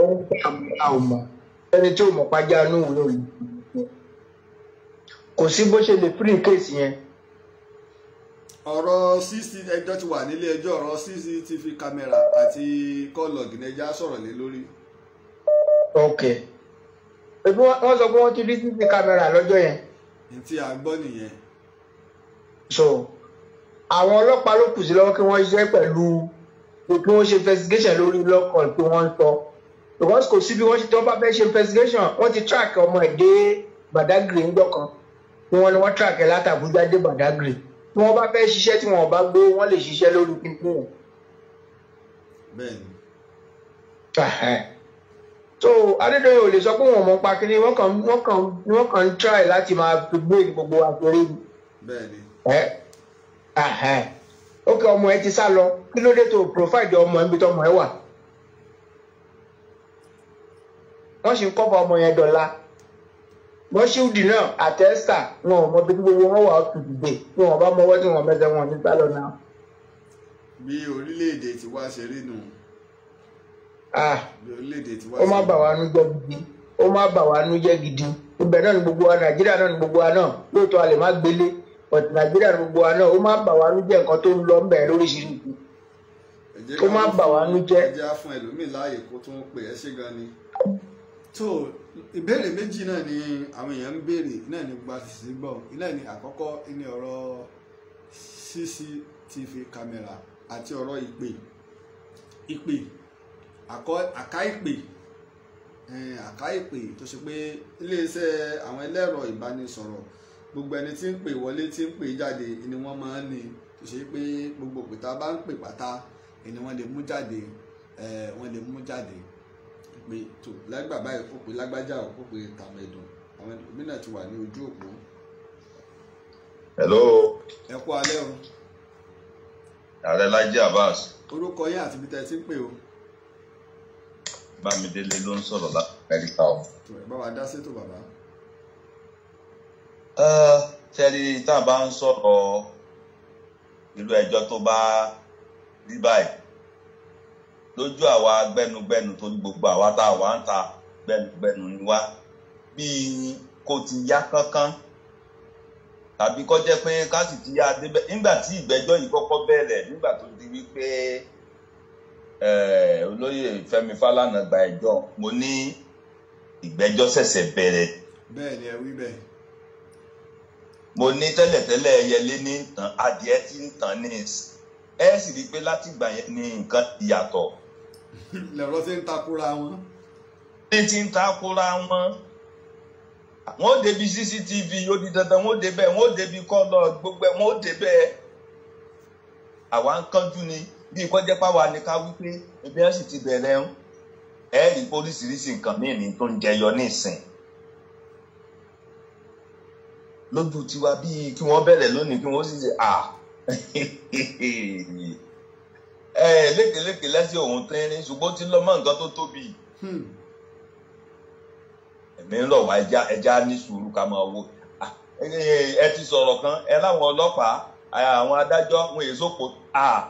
ohun tí a ò mọ̀ ẹni tí ò mọ̀ pàjá inú ìwé òyìn kò sí bó ṣe lè free case yẹn. ọ̀rọ̀ cctv ẹjọ́ ti wà nílé ẹjọ́ ọ̀rọ̀ cctv camera àti call log ní ẹja sọ̀rọ̀ lé lórí. ok ebi wọ́n sọ pé wọ́n ti rí cctv camera lọ́jọ́ yẹn. ní tí a gbọ́ nìyẹn. so àwọn ọlọ́pàá ló kù sí lọ́wọ́ kí wọ́n ṣiṣẹ́ pẹ̀lú pé kí wọ́n ṣe investigation lórí lọ́kàn tí wọ́n ń sọ because kò sí bí wọ́n ṣe tí wọ́n bá fẹ́ ṣe investigation wọ́n ti track ọmọ ẹ̀ dé Badagry ńgbọ́ kan tí wọ́n ní wọ́n track ẹ̀ láti Abuja dé Badagry tí wọ́n bá fẹ́ ṣiṣẹ́ tí wọ́n bá gbé wọ́n lè ṣiṣẹ́ lórí pínpín wọn. so Adédoyin ò lè sọ pé wọn mọ pa kí ni wọ́n kàn ń try láti máa gbé gbogbo àpérè. bẹ́ẹ̀ni ó kẹ ọmọ ẹ ti sá lọ kí ló dé tó provide ọmọ ẹ níbi tó ọmọ ẹ wà wọ́n sì ń kọ́ bá ọmọ yẹn dọ̀la wọ́n ṣíwdì náà àtẹ́sà wọn ò mọ bí gbogbo wọn wà tù dìde wọn ò bá mọwọ́ tí wọn mẹsẹ̀ wọn nígbà lọ náà. bí orílẹ̀-èdè ti wá ṣe rí nù. ó má bà wá nú jẹ́ gidi ó má bà wá nú jẹ́ gidi ibẹ̀ náà ni gbogbo wa Nàìjíríà náà ni gbogbo wa náà lóòótọ́ a lè má gbélé but nàìjíríà ní gbogbo wa náà ó má bà wá nú jẹ́ nǹkan tó ń lọ ń bẹ̀rẹ̀ lóríṣiríṣi ó má bà wá nú jẹ́. ẹ jẹ́ á fún ẹlòmíì láàyè kó tún pè ẹ́ ṣé gan ni. tó ìbéèrè méjì náà ni àwọn èèyàn ń béèrè náà ni gba sì gbọ́ náà ni àkọ́kọ́ ní ọ̀rọ̀ cctv camera àti ọ̀rọ̀ ìpè ìpè àká ìpè àká ìpè tó ṣe pé iléeṣẹ́ àwọn ẹlẹ́rọ ìbánisọ̀rọ̀ gbogbo ẹni tí ń pè wọlé tí ń pè jáde ni wọ́n máa ń ní tó ṣe pé gbogbo òkúta bá ń pè pátá ni wọ́n lè mú jáde wọ́n lè mú jáde pé tó lágbà báyìí kó pe lágbájá o kó pe tàmẹ̀dùn àwọn gómìnà ti wà ní ojú òpó. hello. ẹ kú alẹ́ o. ààrẹ Laji Abbas. orúkọ yín àti ibi tẹ́ ẹ ti ń pè o. Bámidélé ló ń sọ̀rọ̀ láti Amẹ́ríkà o. tó ẹ bá dá sí ètò bàbá tẹ́lí tá a bá ń sọ̀rọ̀ irú ẹjọ́ tó bá rí báyìí lójú àwa gbẹnugbẹnu tó ní gbogbo àwa tá a wà ń ta gbẹnugbẹnu ni wá bíi kò ti yá kánkán tàbí kó jẹ́ pé ká sì ti yá débẹ̀ nígbà tí ìgbẹ́jọ́ yìí kọ́kọ́ bẹ̀rẹ̀ nígbà tó di wípé olóyè Fẹ́mi Fálànà gba ẹjọ́ mo ní ìgbẹ́jọ́ ṣẹ̀ṣẹ̀ bẹ̀rẹ̀. bẹ́ẹ̀ ni ẹ wí bẹ́ẹ̀ mo ní tẹ́lẹ̀tẹ́lẹ̀ ẹyẹlé ní tàn adìẹ tí ń tàn ní ẹ sì rí i pé látìgbà yẹn ni nǹkan yàtọ̀. lẹ̀rọ ti ń takora wọn. ní ti ń takora wọn wọn ò débi cctv yóò di dandan wọn ò débẹ̀ wọn ò débi kọlọ gbogbo wọn ò débẹ̀ àwa ń kánjú ni bí ìkọjẹ pàwọn ni ká wípé ẹbí ẹ sì ti bẹ̀rẹ̀ ẹ rí i pé oríṣiríṣi nǹkan míì ní tó ń jẹyọ ní ìsìn lójú tiwa bíi kí wọ́n bẹ̀rẹ̀ lónìí kí wọ́n sì ṣe à ah. ẹ [laughs] eh, lékeleke lẹ́sẹ̀ òun tẹ́rín ṣùgbọ́n ti lọ́mọ nǹkan tó tóbi hmm. ẹ̀mí ń rọ̀ wá ẹja ní sùúrù ká máa wo ah, ẹ ti sọ̀rọ̀ kan ẹ láwọn ọlọ́pàá àwọn adájọ́ wọn èso pò à ah.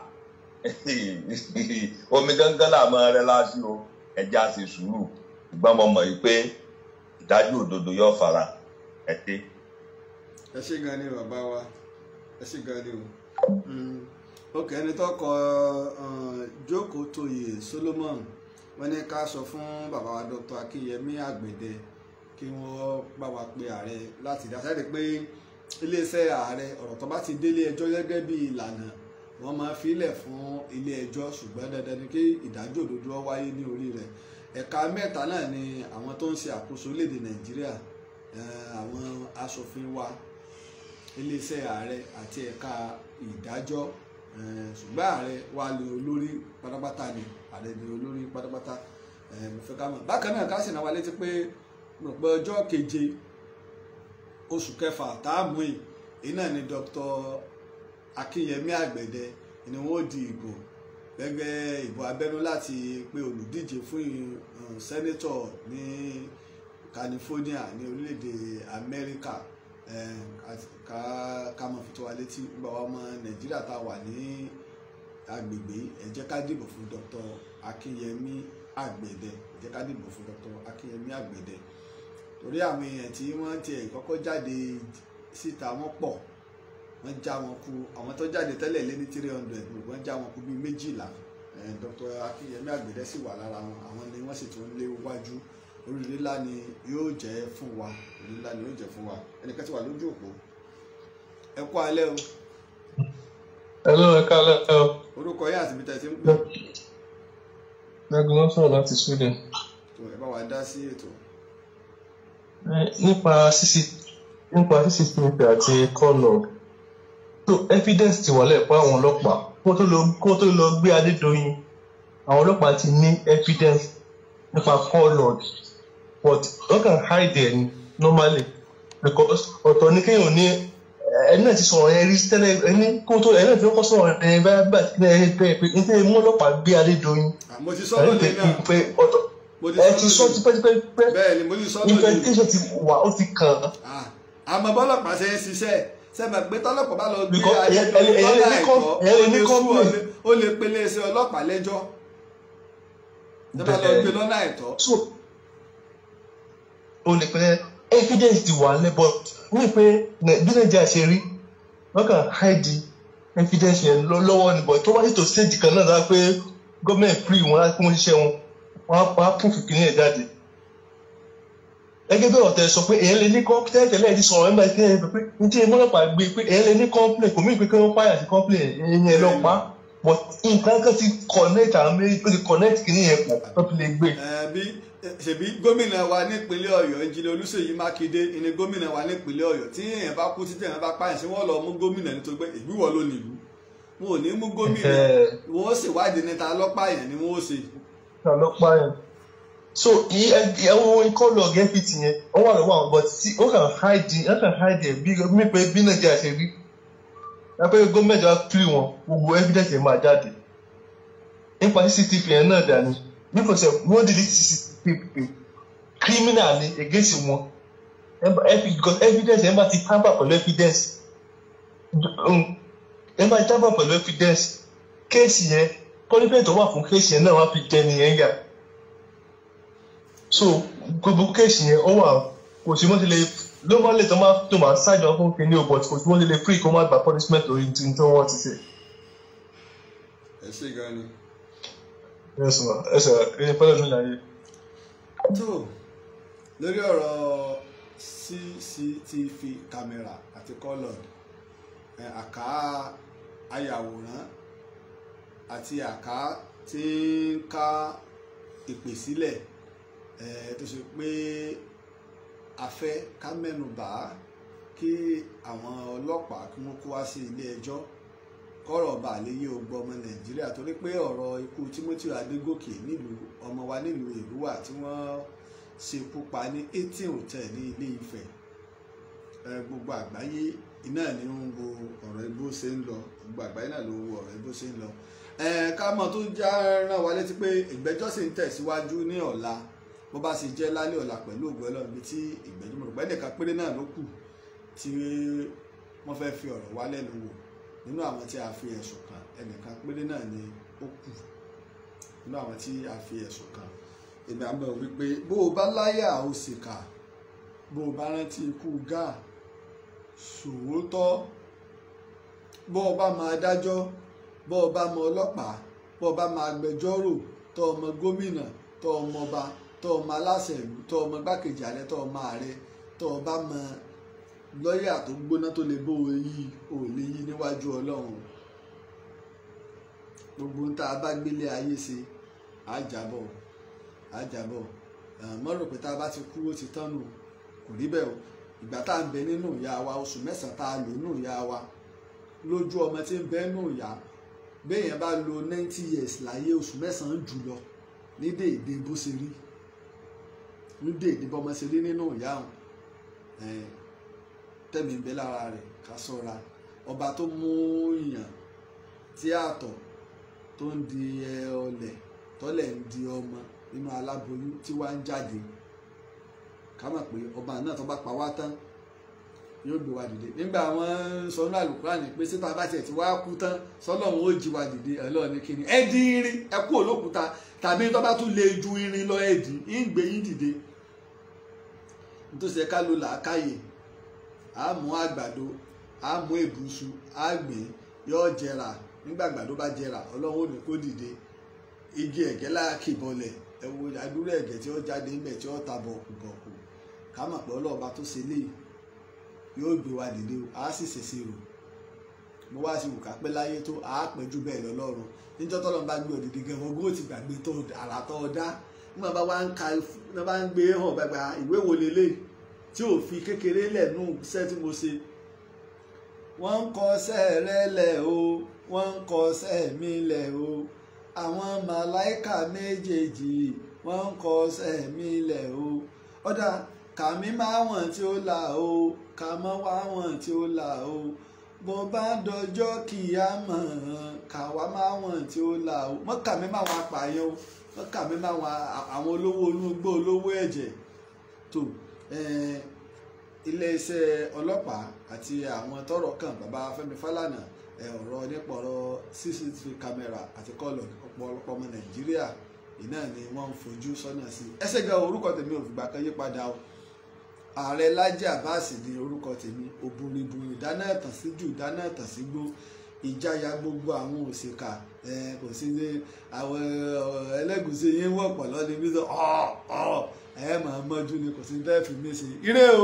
[laughs] omi gángan làmọ́ rẹ láti o ẹja ṣe sùúrù ìgbọ́n mo mọ̀ yìí pé ìdájọ́ òdodo yóò fara ẹ dé ẹ ṣé gan ni bàbá wa ẹ ṣé gan ni o mm. ok ẹni tó kọ uh, jókòó toyè Solomon wọ́n ní ká sọ fún bàbá wa Dr. Akínyẹmí Àgbẹ̀dẹ kí wọ́n bá wa pe ààrẹ láti dá sẹ́ni pé iléeṣẹ́ ààrẹ ọ̀rọ̀ tó bá ti délé ẹjọ́ gẹ́gẹ́ bí ìlànà wọ́n máa filẹ̀ fún ilé ẹjọ́ ṣùgbọ́n dandan ni kí ìdájọ́ òdodo wáyé ní orí rẹ̀ ẹ̀ka mẹ́ta náà ni àwọn tó ń ṣe àkóso orílẹ̀-èdè Nàìjíríà eh, àwọn aṣòfin wa iléeṣẹ́ ààrẹ àti ẹ̀ka ìdájọ́ eh, ṣùgbọ́n ààrẹ wà lè olórí pátápátá ni ààrẹ ni olórí pátápátá eh, mo fẹ́ ká mọ̀ bákan náà ká sì náà pé pé ọjọ́ keje oṣù kẹfà táàmù yìí iná ni Dr. akiyemi agbede ni wọ́n di ìbò gẹ́gẹ́ ìbò lati láti pé olùdíje fún eh, sẹ́nẹ́tọ̀ ní California ní orílẹ̀-èdè america ká máa fi tó wa létí gbogbo àwọn ọmọ nàìjíríà tá a wà ní agbègbè ẹ jẹ́ ká dìbò fún Dr. Akínyẹmí Àgbẹ̀dẹ ẹ jẹ́ ká dìbò fún Dr. Akínyẹmí Àgbẹ̀dẹ torí àwọn èèyàn tí wọ́n ti kọ́kọ́ jáde síta wọ́n pọ̀ wọ́n já wọn kú àwọn tó jáde tẹ́lẹ̀ lé ní three hundred wọ́n já wọn kú bíi méjìlá Dr. Akínyẹmí Àgbẹ̀dẹ sì wà lára wọn àwọn ni wọ́n sì tún léwájú oríire ńlá ni yóò jẹ́ fún wa ìlú ńlá ni ó jẹ fún wa ẹnìkan ti wà lójú òpó ẹ kú alẹ́ o. hello ẹ kálẹ́ o. orúkọ yín àti ibi tẹ́ ti ń pè. gbẹ́gun ló sọ̀rọ̀ láti Sweden. tó ẹ bá wa dá sí ètò. nípa sísí nípa sísí tìǹtì àti kọ́nà tó evidence ti wà lẹ́ẹ̀pọ̀ àwọn ọlọ́pàá kó tó lọ gbé Adédoyin àwọn ọlọ́pàá ti ní evidence nípa kọ́nà but wọ́n kàn hide ni normally because ọ̀tọ̀ ní kéèyàn ní ẹni náà ti sọ̀rọ̀ yẹn rí tẹ́lẹ̀ ẹni kó tó ẹni náà ti kọ́ sọ̀rọ̀ yẹn bá bá ti ní ẹni tẹ́ pé ní tẹ́ mú ọlọ́pàá gbé Adédoyin ah, ẹni tẹ́ pé ọ̀tọ̀ ẹ ti sọ tipẹ́tipẹ́ investigation ti wà ó ti kàn án. àmọ́ ah, bọ́lọ́pàá ṣe é ṣiṣẹ́ sẹ́mi àgbẹ̀ tọ́lọ́pàá bá lọ gbé Adédoyin tọ́lá ẹ̀kọ́ ó lè pele iṣẹ́ ọlọ́pàá lẹ́jọ́ tọ́lá lọ gbé lọ́nà ẹ̀tọ́. o lè evidence ti wà lẹ́ but ní pé bí nàìjíríà ṣe rí wọ́n kàn hide evidence yẹn lọ́wọ́ ni but tó wáyé tó stage kan náà dáa pé gọ́ọ̀mẹ̀ntì pre wọn láti fún iṣẹ́ wọn wọ́n á proof kìíní ẹ̀ jáde gẹ́gẹ́ bí ọ̀tẹ̀ sọ pé èyàn lè ní kọ́ńpìlẹ̀ tẹ́lẹ̀ ti sọ̀rọ̀ nígbà tí ẹ pé ní tí ẹmọ́ ọlọ́pàá gbé pé èyàn lè ní kọ́ńpìlẹ̀ kò mí pé kí wọ́n fàyà sí kọ́ńpìlẹ̀ ẹ̀yìn ẹ̀ lọ́pàá but nǹkan kan ti connect àwọn méjì ó ti connect kìíní yẹn pọ̀ tó fi lè gbé. Eh, ṣebí gómìnà wa nípínlẹ̀ ọ̀yọ́ ìjìnlẹ̀ olúṣèyí mákindé ni gómìnà wa nípínlẹ̀ ọ̀yọ́ tí èèyàn bá kú títẹ̀ wọn bá pààyàn sí wọn lọ mú gómìnà nítorí pé ìgbìwọ̀ ló nìlú wọn ò ní mú gómìnà wọn ó ṣèwádìí níta lọ́pàáyàn ni wọn ó ṣe. lọ́pàáyàn so ẹwọ́n ìkọlù ọ̀gẹ́ fi ti yẹn wọ́n wà lọ́wọ́ àwọn but tí ó kàn háìdì ó kàn háìdì ẹ̀ bí mi pé bí nàìjíríà ṣe rí lápẹ́ gómìnà wa pli wọn gbogbo evidence ẹ̀ máa jáde nípa cctv yẹn náà dání bí kò sẹ́ wọ́n delete criminal ni against wọn because evidence ẹ̀ ń ti tábà pẹ̀lú evidence ẹ̀ ń bá ti tábà pẹ̀lú evidence kéèsì yẹn pọ́lípẹ̀tì wà fún kéèsì yẹn náà wá fi jẹ nìyẹn yà so gbogbo kéèsì yẹn ó wà kò sí mọ́ ti lè ló máa lè tó máa tó máa ṣáàjọ fún kinní o but kò sí mọ́ ti lè free kó má gba punishment lórí ti tó wọ́n ti ṣe. ẹ ṣe gan ni. ẹ sọ ẹ sọ ẹ ní pẹ́lú ọdún láyé tó lórí ọ̀rọ̀ cctv camera àti colored àká ayàwòrán àti àká tí ń ká ìpè sílẹ̀ tó ṣe pé a fẹ́ ká mẹ́nu bà á kí àwọn ọlọ́pàá kí wọ́n kó wá sí ilé ẹjọ́. E kọ́rọ̀ ọba àlẹyé ogbó ọmọ nàìjíríà torí pé ọ̀rọ̀ ikú timothy adégòkè nílùú ọmọ wa nílùú èrúwà tí wọ́n ṣekú pa ní eighteen hotel ní ilé ifẹ̀ gbogbo àgbáyé iná ni ń wo ọ̀rọ̀ igbó ṣe ń lọ gbogbo àgbáyé náà ló wo ọ̀rọ̀ igbó ṣe ń lọ ká mọ̀ tó já rán wa létí pé ìgbẹ́jọ́ sì ń tẹ̀síwájú ní ọ̀la bó bá ṣe jẹ́ lálẹ́ ọ̀la pẹ̀lú ògùn ẹlọ́run bíi tí ìgbẹ́jọ́ mọ̀rọ̀ pẹ́ẹ́nìkan péré náà ló kù tí wọ́n fẹ́ fi ọ̀rọ̀ wa lẹ́nu wò nínú àwọn tí a fi ẹ̀sùn kàn ẹnìkan péré náà ni ó kù nínú àwọn tí a fi ẹ̀sùn kàn èmi àmọ́ wípé bó o bá láyà o sì kà bó o bá rántí ikú gáà sòótọ́ bó o bá máa dájọ́ bó o bá mọ ọlọ́pàá bó o bá máa gbẹjọ́rò tó ọmọ gómìnà tó ọmọ ọba tó ọmọ aláṣẹ ìlú tó ọmọ gbákejì ààrẹ tó ọmọ ààrẹ tó o mọ lọ́ọ̀yà tó gbóná tó lè bó yí ò lè yí níwájú ọlọ́run gbogbo tá a bá gbélé ayé ṣe àjàbọ̀ àjàbọ̀ mọ́rò pé tá a bá ti kú ó ti tán nù kò rí bẹ́ẹ̀ o ìgbà tá a ń bẹ nínú ìyá wa oṣù mẹ́sàn-án tá a lò nínú ìyá wa lójú ọmọ tí ń bẹ nínú ìyá béèyàn bá lo ninety years láyé oṣù mẹ́sàn-án jù lọ ní déédéé bó ṣe rí ní déédéé bọ́mọ ṣe rí nínú ìyá òun tẹ̀mí ń bẹ lára rẹ̀ ká sọ́ra ọba tó mú èèyàn tí àtọ̀ tó ń di ọlẹ̀ tọ́lẹ̀ ń di ọmọ nínú aláboyún tí wàá ń jáde ká mọ̀ pé ọba náà tó bá pa wá tán yóò gbé wa dìde nígbà wọn ń sọ ní àlùkùránì pé síta bá tiẹ̀ ti wá kú tán sọlọ́run ó jí wa dìde ọlọ́ọ̀ni kìíní ẹ di irin ẹ kú olókùúta tàbí tó bá tún lé ju irin lọ ẹ dì í ń gbé yín dìde nítorí ẹ ká ló làákàyè á mú àgbàdo á mú èbùsù á gbìn yóò jẹrà nígbà àgbàdo bá igi ẹ̀gẹ́ láàkì ewu ege àdúrà ẹ̀gẹ́ tí ó jáde ńbẹ̀ tí ó ta bọ̀kùbọ̀kù ká mọ̀ pé ọlọ́ọ̀ba tó ṣe yóò gbé wa dìde o a sì ṣèṣe rò mo wá sí òkà pé láyé tó á pẹ́ jù bẹ́ẹ̀ lọ́lọ́run níjọ́ bá gbé gan tí ò fi kékeré lẹ̀nú iṣẹ́ tí mo ṣe wọ́n ń kọsẹ̀ rẹ lẹ̀ o wọ́n ń kọsẹ̀ mi lẹ̀ o àwọn màláìkà méjèèjì wọ́n ń kọsẹ̀ mi lẹ̀ o ọ̀dà kàmí máa wọ̀n tí ó là o kàmọ́ wá wọ̀n tí ó là o bó bá dọjọ́ kìyàmọ̀ kàwá máa wọ̀n tí ó là o mọ́kàmí máa wà pààyàn o mọ́kàmí máa wà àwọn olówó olúgbó olówó ẹ̀jẹ̀ tó. Eh, iléeṣẹ́ ọlọ́pàá àti àwọn tọ́rọ̀ kàn bàbá Fẹ́mi Fálànà eh, ọ̀rọ̀ nípa ọ̀rọ̀ CCTV camera àti kọlọ ọ̀pọ̀lọpọ̀ ọmọ Nàìjíríà iná ni wọ́n ń fojú sọ́nà sí ẹsẹ̀ gan orúkọ tèmi ò fìgbà kan yí padà o ààrẹ Laji Abbas ni orúkọ tèmi òbúribùrù ìdáná ẹ̀tàn sí jù ìdáná ẹ̀tàn sí gbó ìjáyà gbogbo àwọn òṣìkà eh, kò sí ní àwọn ẹlẹ́gùsí yín wọ̀pọ̀ lọ́ni bí ọ̀ ọ̀ ẹ máa mọ́jú ni kò sí bẹ́ẹ̀ fi mí ṣe ire o.